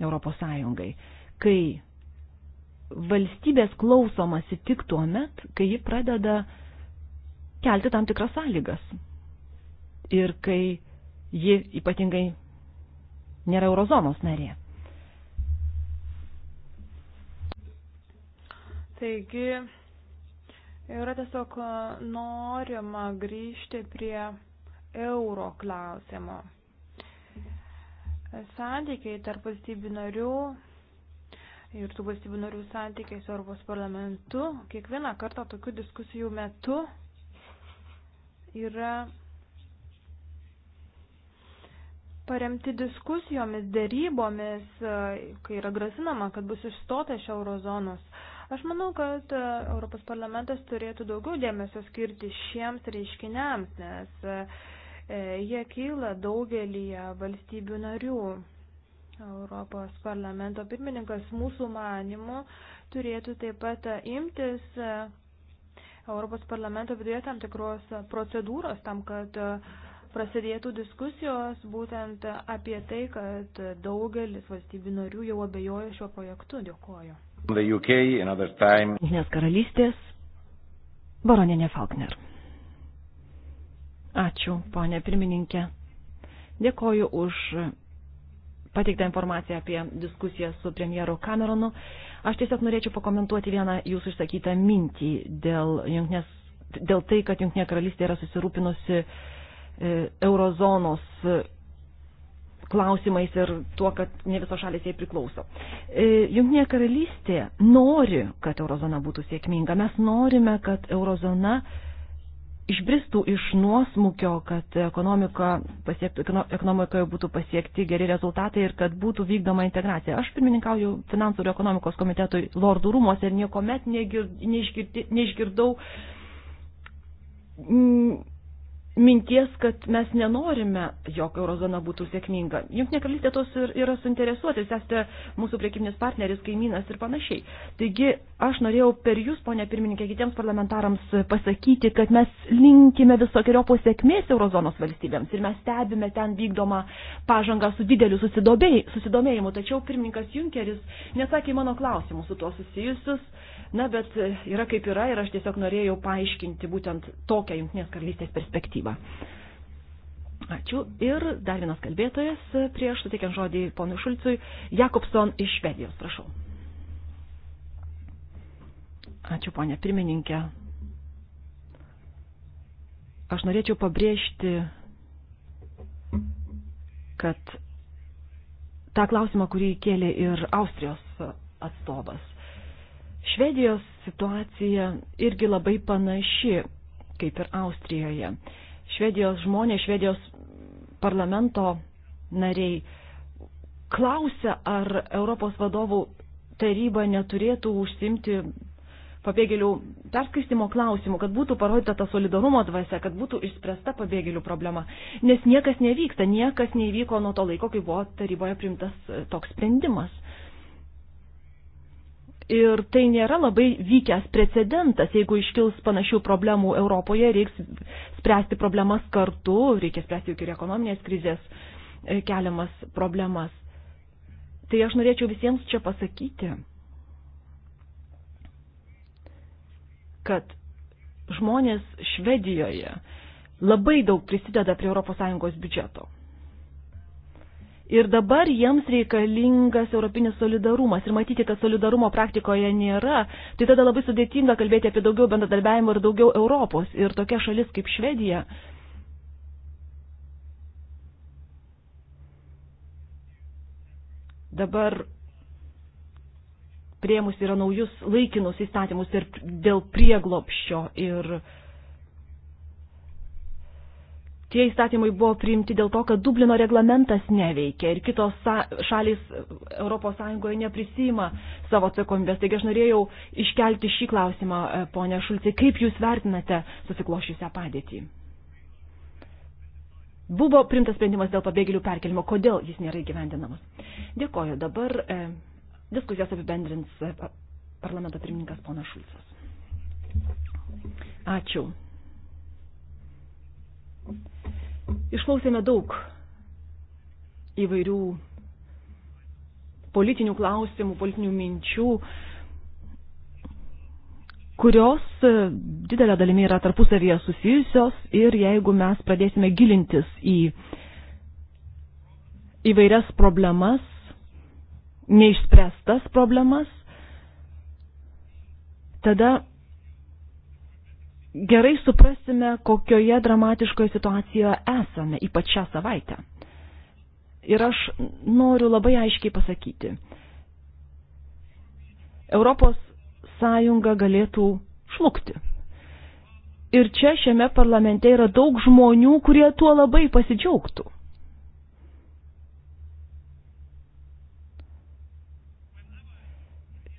Europos Sąjungai, kai valstybės klausomasi tik tuo met, kai ji pradeda kelti tam tikras sąlygas. Ir kai ji ypatingai nėra eurozonos narė. Taigi yra tiesiog norima grįžti prie euro klausimo. Santykiai tarp valstybių narių ir tų valstybių narių santykiai su Europos parlamentu kiekvieną kartą tokių diskusijų metu yra paremti diskusijomis, dėrybomis, e, kai yra grasinama, kad bus išstota iš eurozonos. Aš manau, kad e, Europos parlamentas turėtų daugiau dėmesio skirti šiems reiškiniams, nes e, jie kyla daugelį valstybių narių. Europos parlamento pirmininkas mūsų manimu turėtų taip pat imtis Europos parlamento viduje tam tikros procedūros tam, kad uh, prasidėtų diskusijos būtent apie tai, kad daugelis valstybių narių jau abejoja šiuo projektu. Dėkoju. Nes karalystės baroninė Faulkner. Ačiū, ponė pirmininkė. Dėkoju už pateiktą informaciją apie diskusiją su premjeru Cameronu. Aš tiesiog norėčiau pakomentuoti vieną jūsų išsakytą mintį dėl, jungtinės, dėl tai, kad Junktinė karalystė yra susirūpinusi uh, E, eurozonos e, klausimais ir tuo, kad ne visos šalis jai priklauso. E, Junktinė karalystė nori, kad eurozona būtų sėkminga. Mes norime, kad eurozona išbristų iš nuosmukio, kad ekonomika pasiektų, ekonomikoje būtų pasiekti geri rezultatai ir kad būtų vykdoma integracija. Aš pirmininkauju finansų ir ekonomikos komitetui Lordų rūmose ir niekuomet neišgirdau minties, kad mes nenorime, jog eurozona būtų sėkminga. Juk nekalystė tos ir yra suinteresuotis, esate mūsų priekybnis partneris, kaimynas ir panašiai. Taigi aš norėjau per jūs, ponė pirmininkė, kitiems parlamentarams pasakyti, kad mes linkime visokiojo sėkmės eurozonos valstybėms ir mes stebime ten vykdomą pažangą su dideliu susidomėjimu. Tačiau pirmininkas Junkeris nesakė mano klausimus su tuo susijusius Na, bet e, yra kaip yra ir aš tiesiog norėjau paaiškinti būtent tokią Junktinės karalystės perspektyvą. Ačiū. Ir dar vienas kalbėtojas e, prieš suteikiant žodį ponui Šulcui, Jakobson iš Švedijos, prašau. Ačiū, ponė pirmininkė. Aš norėčiau pabrėžti, kad tą klausimą, kurį kėlė ir Austrijos atstovas Švedijos situacija irgi labai panaši kaip ir Austrijoje. Švedijos žmonės, Švedijos parlamento nariai klausia, ar Europos vadovų taryba neturėtų užsimti pabėgėlių perskaistimo klausimų, kad būtų parodyta ta solidarumo dvasia, kad būtų išspręsta pabėgėlių problema. Nes niekas nevyksta, niekas nevyko nuo to laiko, kai buvo taryboje primtas toks sprendimas. Ir tai nėra labai vykęs precedentas. Jeigu iškils panašių problemų Europoje, reiks spręsti problemas kartu, reikia spręsti juk ir ekonominės krizės e, keliamas problemas. Tai aš norėčiau visiems čia pasakyti, kad žmonės Švedijoje labai daug prisideda prie ES biudžeto. Ir dabar jiems reikalingas europinis solidarumas. Ir matyti, kad solidarumo praktikoje nėra, tai tada labai sudėtinga kalbėti apie daugiau bendradarbiavimo ir daugiau Europos. Ir tokia šalis kaip Švedija. Dabar prieimus yra naujus laikinus įstatymus ir dėl prieglopščio ir tie įstatymai buvo priimti dėl to, kad Dublino reglamentas neveikia ir kitos šalis ES neprisima savo atsakomybės. Taigi aš norėjau iškelti šį klausimą, e, ponia Šulcai, kaip jūs vertinate susiklošiusią padėtį? Buvo primtas sprendimas dėl pabėgėlių perkelimo, kodėl jis nėra įgyvendinamas. Dėkoju. Dabar e, diskusijas apibendrins e, parlamento pirmininkas ponas Šulcas. Ačiū. Išklausėme daug įvairių politinių klausimų, politinių minčių, kurios e, didelė dalimi yra tarpusavyje susijusios ir jeigu mes pradėsime gilintis į įvairias problemas, neišspręstas problemas, tada gerai suprasime, kokioje dramatiškoje situacijoje esame, ypač šią savaitę. Ir aš noriu labai aiškiai pasakyti. Europos sąjunga galėtų šlukti. Ir čia šiame parlamente yra daug žmonių, kurie tuo labai pasidžiaugtų.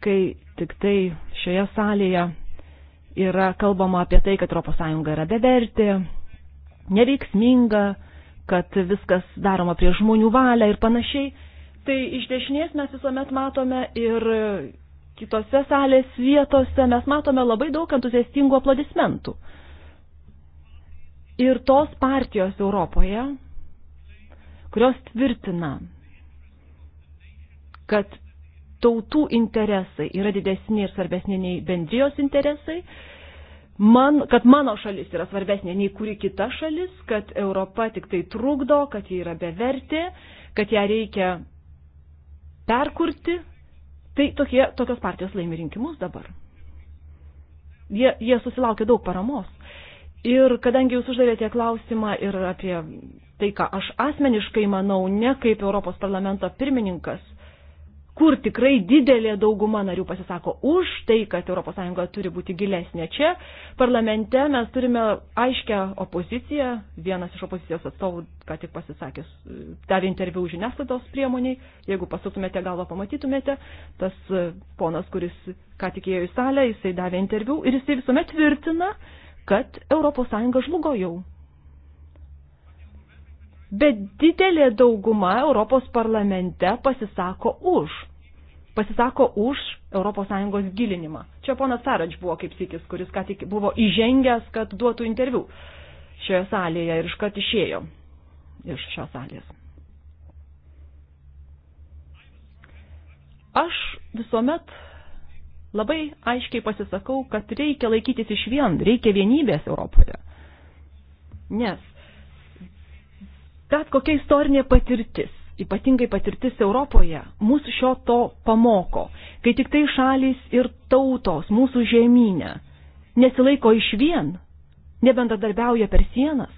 Kai tik tai šioje salėje yra kalbama apie tai, kad ES yra bevertė, neveiksminga, kad viskas daroma prie žmonių valią ir panašiai. Tai iš dešinės mes visuomet matome ir kitose salės vietose mes matome labai daug entuziastingų aplodismentų. Ir tos partijos Europoje, kurios tvirtina, kad tautų interesai yra didesni ir svarbesni nei bendrijos interesai, man, kad mano šalis yra svarbesnė nei kuri kita šalis, kad Europa tik tai trukdo, kad ji yra bevertė, kad ją reikia perkurti. Tai tokie, tokios partijos laimi rinkimus dabar. Jie, jie susilaukia daug paramos. Ir kadangi jūs uždavėte klausimą ir apie tai, ką aš asmeniškai manau, ne kaip Europos parlamento pirmininkas, kur tikrai didelė dauguma narių pasisako už tai, kad ES turi būti gilesnė. Čia parlamente mes turime aiškę opoziciją, vienas iš opozicijos atstovų, ką tik pasisakė, davė interviu žiniasklaidos priemoniai, jeigu pasuktumėte galvą, pamatytumėte, tas e, ponas, kuris ką tik ėjo į salę, jisai davė interviu ir jisai visuomet tvirtina, kad ES žlugo jau bet didelė dauguma Europos parlamente pasisako už. Pasisako už ES gilinimą. Čia ponas Saradž buvo kaip sikis, kuris ką tik buvo įžengęs, kad duotų interviu šioje salėje ir iškart išėjo iš šios salės. Aš visuomet labai aiškiai pasisakau, kad reikia laikytis iš vien, reikia vienybės Europoje. Nes Bet kokia istorinė patirtis, ypatingai patirtis Europoje, mūsų šio to pamoko, kai tik tai šalis ir tautos mūsų žemynė nesilaiko iš vien, nebendradarbiauja per sienas,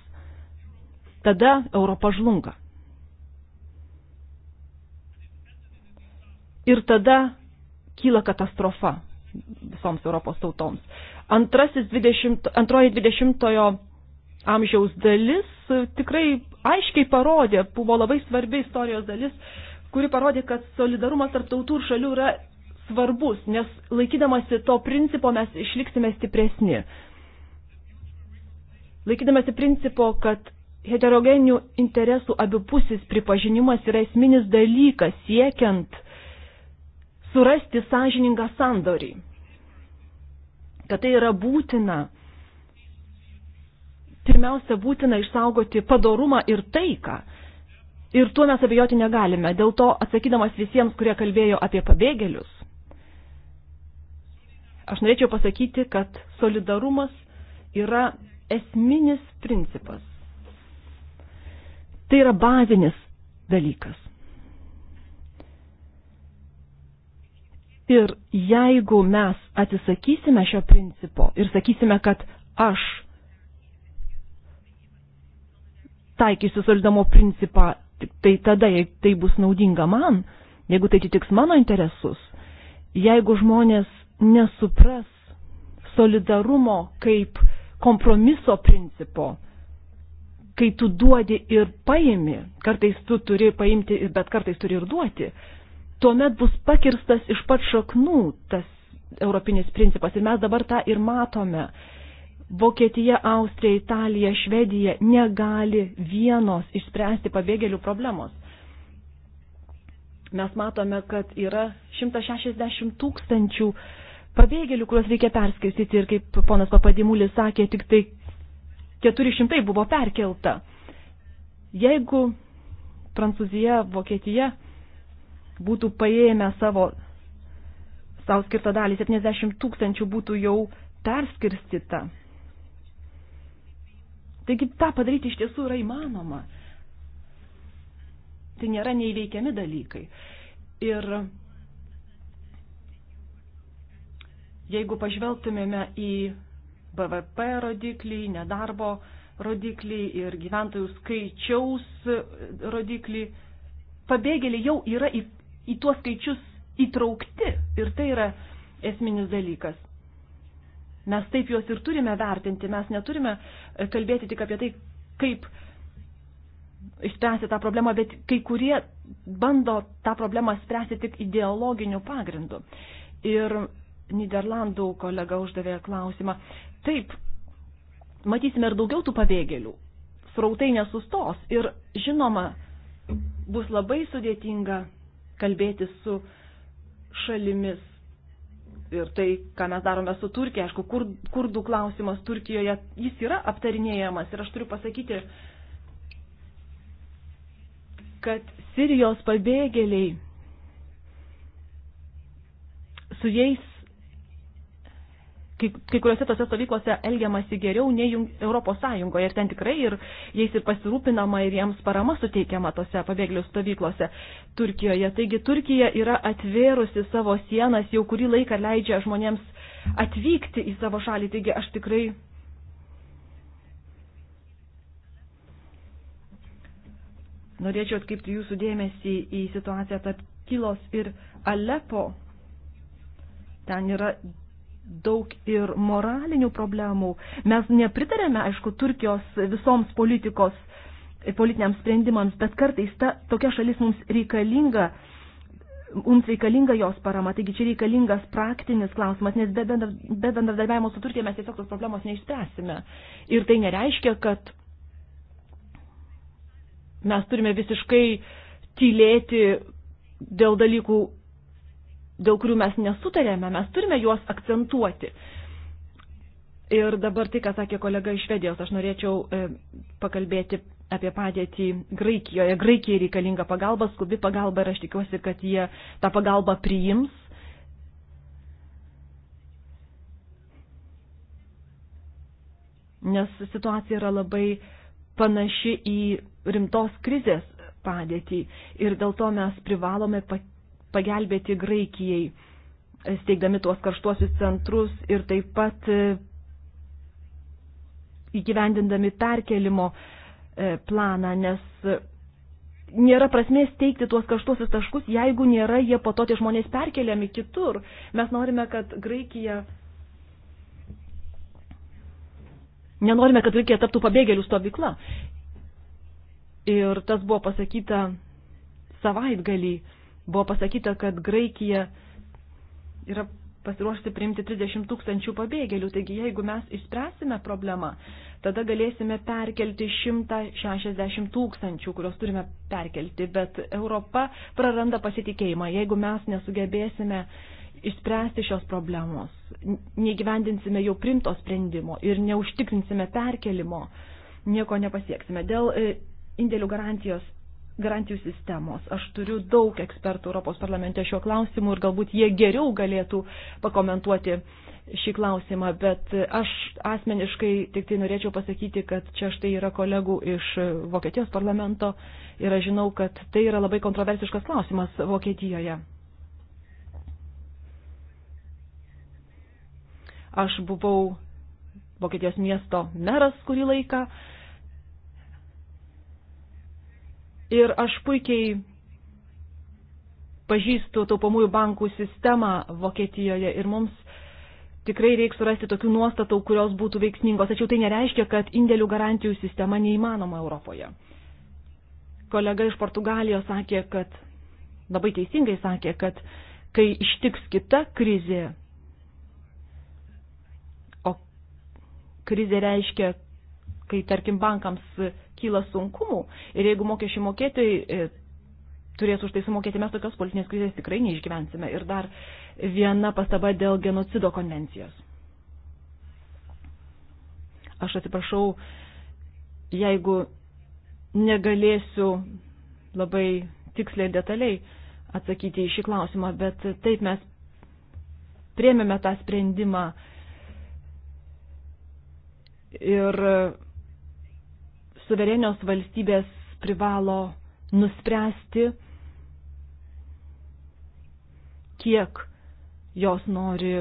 tada Europa žlunga. Ir tada kyla katastrofa visoms Europos tautoms. Antrasis 20, antroji 20-ojo amžiaus dalis tikrai aiškiai parodė, buvo labai svarbi istorijos dalis, kuri parodė, kad solidarumas tarp tautų ir šalių yra svarbus, nes laikydamasi to principo mes išliksime stipresni. Laikydamasi principo, kad heterogeninių interesų abipusis pripažinimas yra esminis dalykas siekiant surasti sąžiningą sandorį. Kad tai yra būtina pirmiausia būtina išsaugoti padorumą ir taiką. Ir tuo mes abejoti negalime. Dėl to, atsakydamas visiems, kurie kalbėjo apie pabėgėlius, aš norėčiau pasakyti, kad solidarumas yra esminis principas. Tai yra bazinis dalykas. Ir jeigu mes atsisakysime šio principo ir sakysime, kad aš taikysiu solidarumo principą, tai tada, jei tai bus naudinga man, jeigu tai atitiks mano interesus, jeigu žmonės nesupras solidarumo kaip kompromiso principo, kai tu duodi ir paimi, kartais tu turi paimti, bet kartais turi ir duoti, tuomet bus pakirstas iš pat šaknų tas europinis principas. Ir mes dabar tą ir matome. Vokietija, Austrija, Italija, Švedija negali vienos išspręsti pabėgėlių problemos. Mes matome, kad yra 160 tūkstančių pabėgėlių, kuriuos reikia perskaistyti ir kaip ponas Papadimulis sakė, tik tai 400 buvo perkelta. Jeigu Prancūzija, Vokietija būtų paėmę savo savo skirtą dalį, 70 tūkstančių būtų jau perskirstita. Taigi tą padaryti iš tiesų yra įmanoma. Tai nėra neįveikiami dalykai. Ir jeigu pažvelgtumėme į BVP rodiklį, nedarbo rodiklį ir gyventojų skaičiaus rodiklį, pabėgėliai jau yra į, į tuos skaičius įtraukti ir tai yra esminis dalykas. Mes taip juos ir turime vertinti, mes neturime uh, kalbėti tik apie tai, kaip išspręsti tą problemą, bet kai kurie bando tą problemą spręsti tik ideologiniu pagrindu. Ir Niderlandų kolega uždavė klausimą. Taip, matysime ir daugiau tų pabėgėlių. Srautai nesustos ir žinoma, bus labai sudėtinga kalbėti su šalimis ir tai, ką mes darome su Turkija, aišku, kur, kurdų klausimas Turkijoje, jis yra aptarinėjamas ir aš turiu pasakyti, kad Sirijos pabėgėliai su jais kai, kai kuriuose tose stovyklose elgiamasi geriau nei Europos Sąjungoje ir ten tikrai ir jais ir pasirūpinama ir jiems parama suteikiama tose pabėgėlių stovyklose Turkijoje. Taigi Turkija yra atvėrusi savo sienas, jau kurį laiką leidžia žmonėms atvykti į savo šalį. Taigi aš tikrai. Norėčiau atkreipti jūsų dėmesį į situaciją tarp Kilos ir Alepo. Ten yra daug ir moralinių problemų. Mes nepritarėme, aišku, Turkijos visoms politikos, politiniams sprendimams, bet kartais ta, tokia šalis mums reikalinga, mums reikalinga jos parama. Taigi čia reikalingas praktinis klausimas, nes be bendradarbiavimo su Turkija mes tiesiog tos problemos neišspręsime. Ir tai nereiškia, kad mes turime visiškai tylėti dėl dalykų dėl kurių mes nesutarėme, mes turime juos akcentuoti. Ir dabar tai, ką sakė kolega iš Švedijos, aš norėčiau e, pakalbėti apie padėtį Graikijoje. Graikijai reikalinga pagalba, skubi pagalba ir aš tikiuosi, kad jie tą pagalbą priims. Nes situacija yra labai panaši į rimtos krizės padėtį ir dėl to mes privalome pat pagelbėti Graikijai, steigdami tuos karštuosius centrus ir taip pat e, įgyvendindami perkelimo e, planą, nes e, nėra prasmės teikti tuos karštuosius taškus, jeigu nėra jie po to tie žmonės perkeliami kitur. Mes norime, kad Graikija. Nenorime, kad Graikija taptų pabėgėlių stovykla. Ir tas buvo pasakyta savaitgalį buvo pasakyta, kad Graikija yra pasiruošusi priimti 30 tūkstančių pabėgėlių. Taigi, jeigu mes išspręsime problemą, tada galėsime perkelti 160 tūkstančių, kuriuos turime perkelti. Bet Europa praranda pasitikėjimą, jeigu mes nesugebėsime išspręsti šios problemos, negyvendinsime jau primto sprendimo ir neužtikrinsime perkelimo, nieko nepasieksime. Dėl e, indėlių garantijos garantijų sistemos. Aš turiu daug ekspertų Europos parlamente šiuo klausimu ir galbūt jie geriau galėtų pakomentuoti šį klausimą, bet aš asmeniškai tik tai norėčiau pasakyti, kad čia štai yra kolegų iš Vokietijos parlamento ir aš žinau, kad tai yra labai kontroversiškas klausimas Vokietijoje. Aš buvau Vokietijos miesto meras kurį laiką Ir aš puikiai pažįstu taupomųjų bankų sistemą Vokietijoje ir mums tikrai reiks surasti tokių nuostatų, kurios būtų veiksmingos. Tačiau tai nereiškia, kad indėlių garantijų sistema neįmanoma Europoje. Kolega iš Portugalijos sakė, kad labai teisingai sakė, kad kai ištiks kita krizė, o krizė reiškia, kai tarkim bankams kyla sunkumų ir jeigu mokesčių mokėtojai e, turės už tai sumokėti, mes tokios politinės krizės tikrai neišgyvensime. Ir dar viena pastaba dėl genocido konvencijos. Aš atsiprašau, jeigu negalėsiu labai tiksliai ir detaliai atsakyti į šį klausimą, bet taip mes priemėme tą sprendimą ir suverenios valstybės privalo nuspręsti, kiek jos nori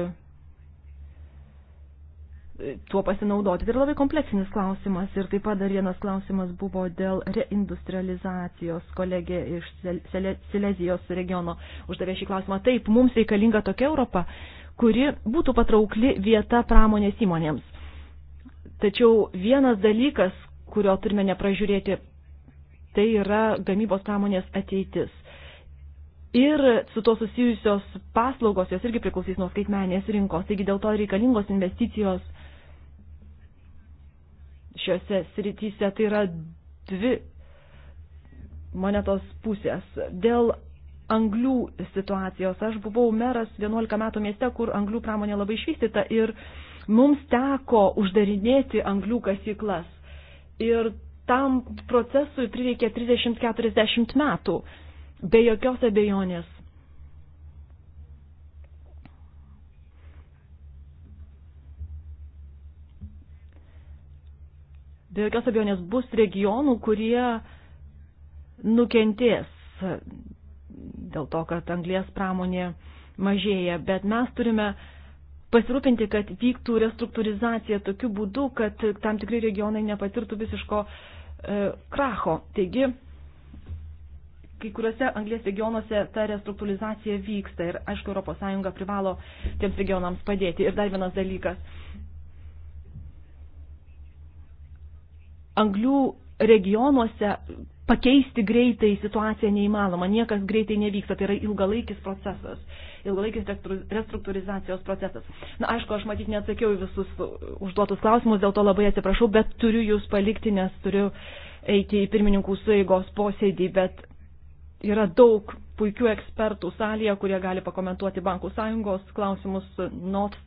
tuo pasinaudoti. Tai yra labai kompleksinis klausimas ir taip pat dar vienas klausimas buvo dėl reindustrializacijos. Kolegė iš Silezijos regiono uždavė šį klausimą. Taip, mums reikalinga tokia Europa, kuri būtų patraukli vieta pramonės įmonėms. Tačiau vienas dalykas, kurio turime nepražiūrėti, tai yra gamybos pramonės ateitis. Ir su to susijusios paslaugos, jos irgi priklausys nuo skaitmenės rinkos, taigi dėl to reikalingos investicijos šiuose srityse, tai yra dvi monetos pusės. Dėl anglių situacijos. Aš buvau meras 11 metų mieste, kur anglių pramonė labai išvystyta ir mums teko uždarinėti anglių kasyklas ir tam procesui prireikė 30-40 metų, be jokios abejonės. Be jokios abejonės bus regionų, kurie nukentės dėl to, kad anglės pramonė mažėja, bet mes turime uh, pasirūpinti, kad vyktų restruktūrizacija tokiu būdu, kad tam tikri regionai nepatirtų visiško e, kracho. Taigi, kai kuriuose anglės regionuose ta restruktūrizacija vyksta ir, aišku, ES privalo tiems regionams padėti. Ir dar vienas dalykas. Anglių regionuose pakeisti greitai situaciją neįmanoma, niekas greitai nevyksta, tai yra ilgalaikis procesas, ilgalaikis restruktūrizacijos procesas. Na, aišku, aš matyt neatsakiau visus užduotus klausimus, dėl to labai atsiprašau, bet turiu jūs palikti, nes turiu eiti į pirmininkų sueigos posėdį, bet yra daug puikių ekspertų salėje, kurie gali pakomentuoti bankų sąjungos klausimus, Nord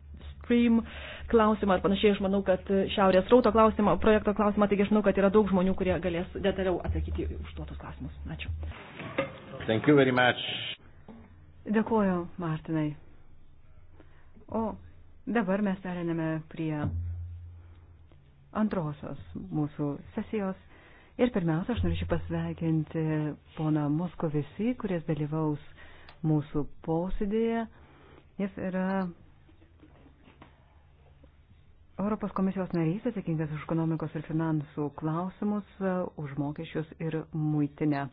Stream klausimą ar panašiai. Aš manau, kad Šiaurės rauto klausimą, projekto klausimą, taigi aš manau, kad yra daug žmonių, kurie galės detaliau atsakyti užduotus klausimus. Ačiū. Thank you very much. Dėkuoju, Martinai. O dabar mes periname prie antrosios mūsų sesijos. Ir pirmiausia, aš norėčiau pasveikinti poną Moskovisį, kuris dalyvaus mūsų posėdėje. Jis yra Europos komisijos narys atsakingas už ekonomikos ir finansų klausimus, e, už mokesčius ir muitinę.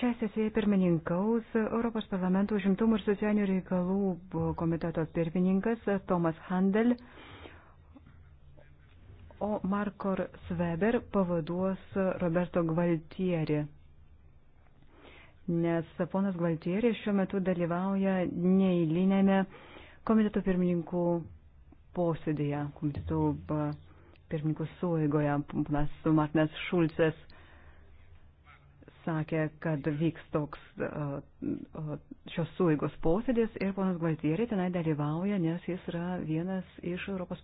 Šią sesiją pirmininkaus Europos parlamento užimtumų ir socialinių reikalų komiteto pirmininkas Tomas Handel, o Markor Sveber pavaduos Roberto Gvaltieri nes ponas Gvaltieri šiuo metu dalyvauja neįlinėme komiteto pirmininkų posėdėje, komiteto pirmininkų suėgoje, ponas Martinas Šulcas sakė, kad vyks toks šios suėgos posėdis ir ponas Gualtieri tenai dalyvauja, nes jis yra vienas iš Europos.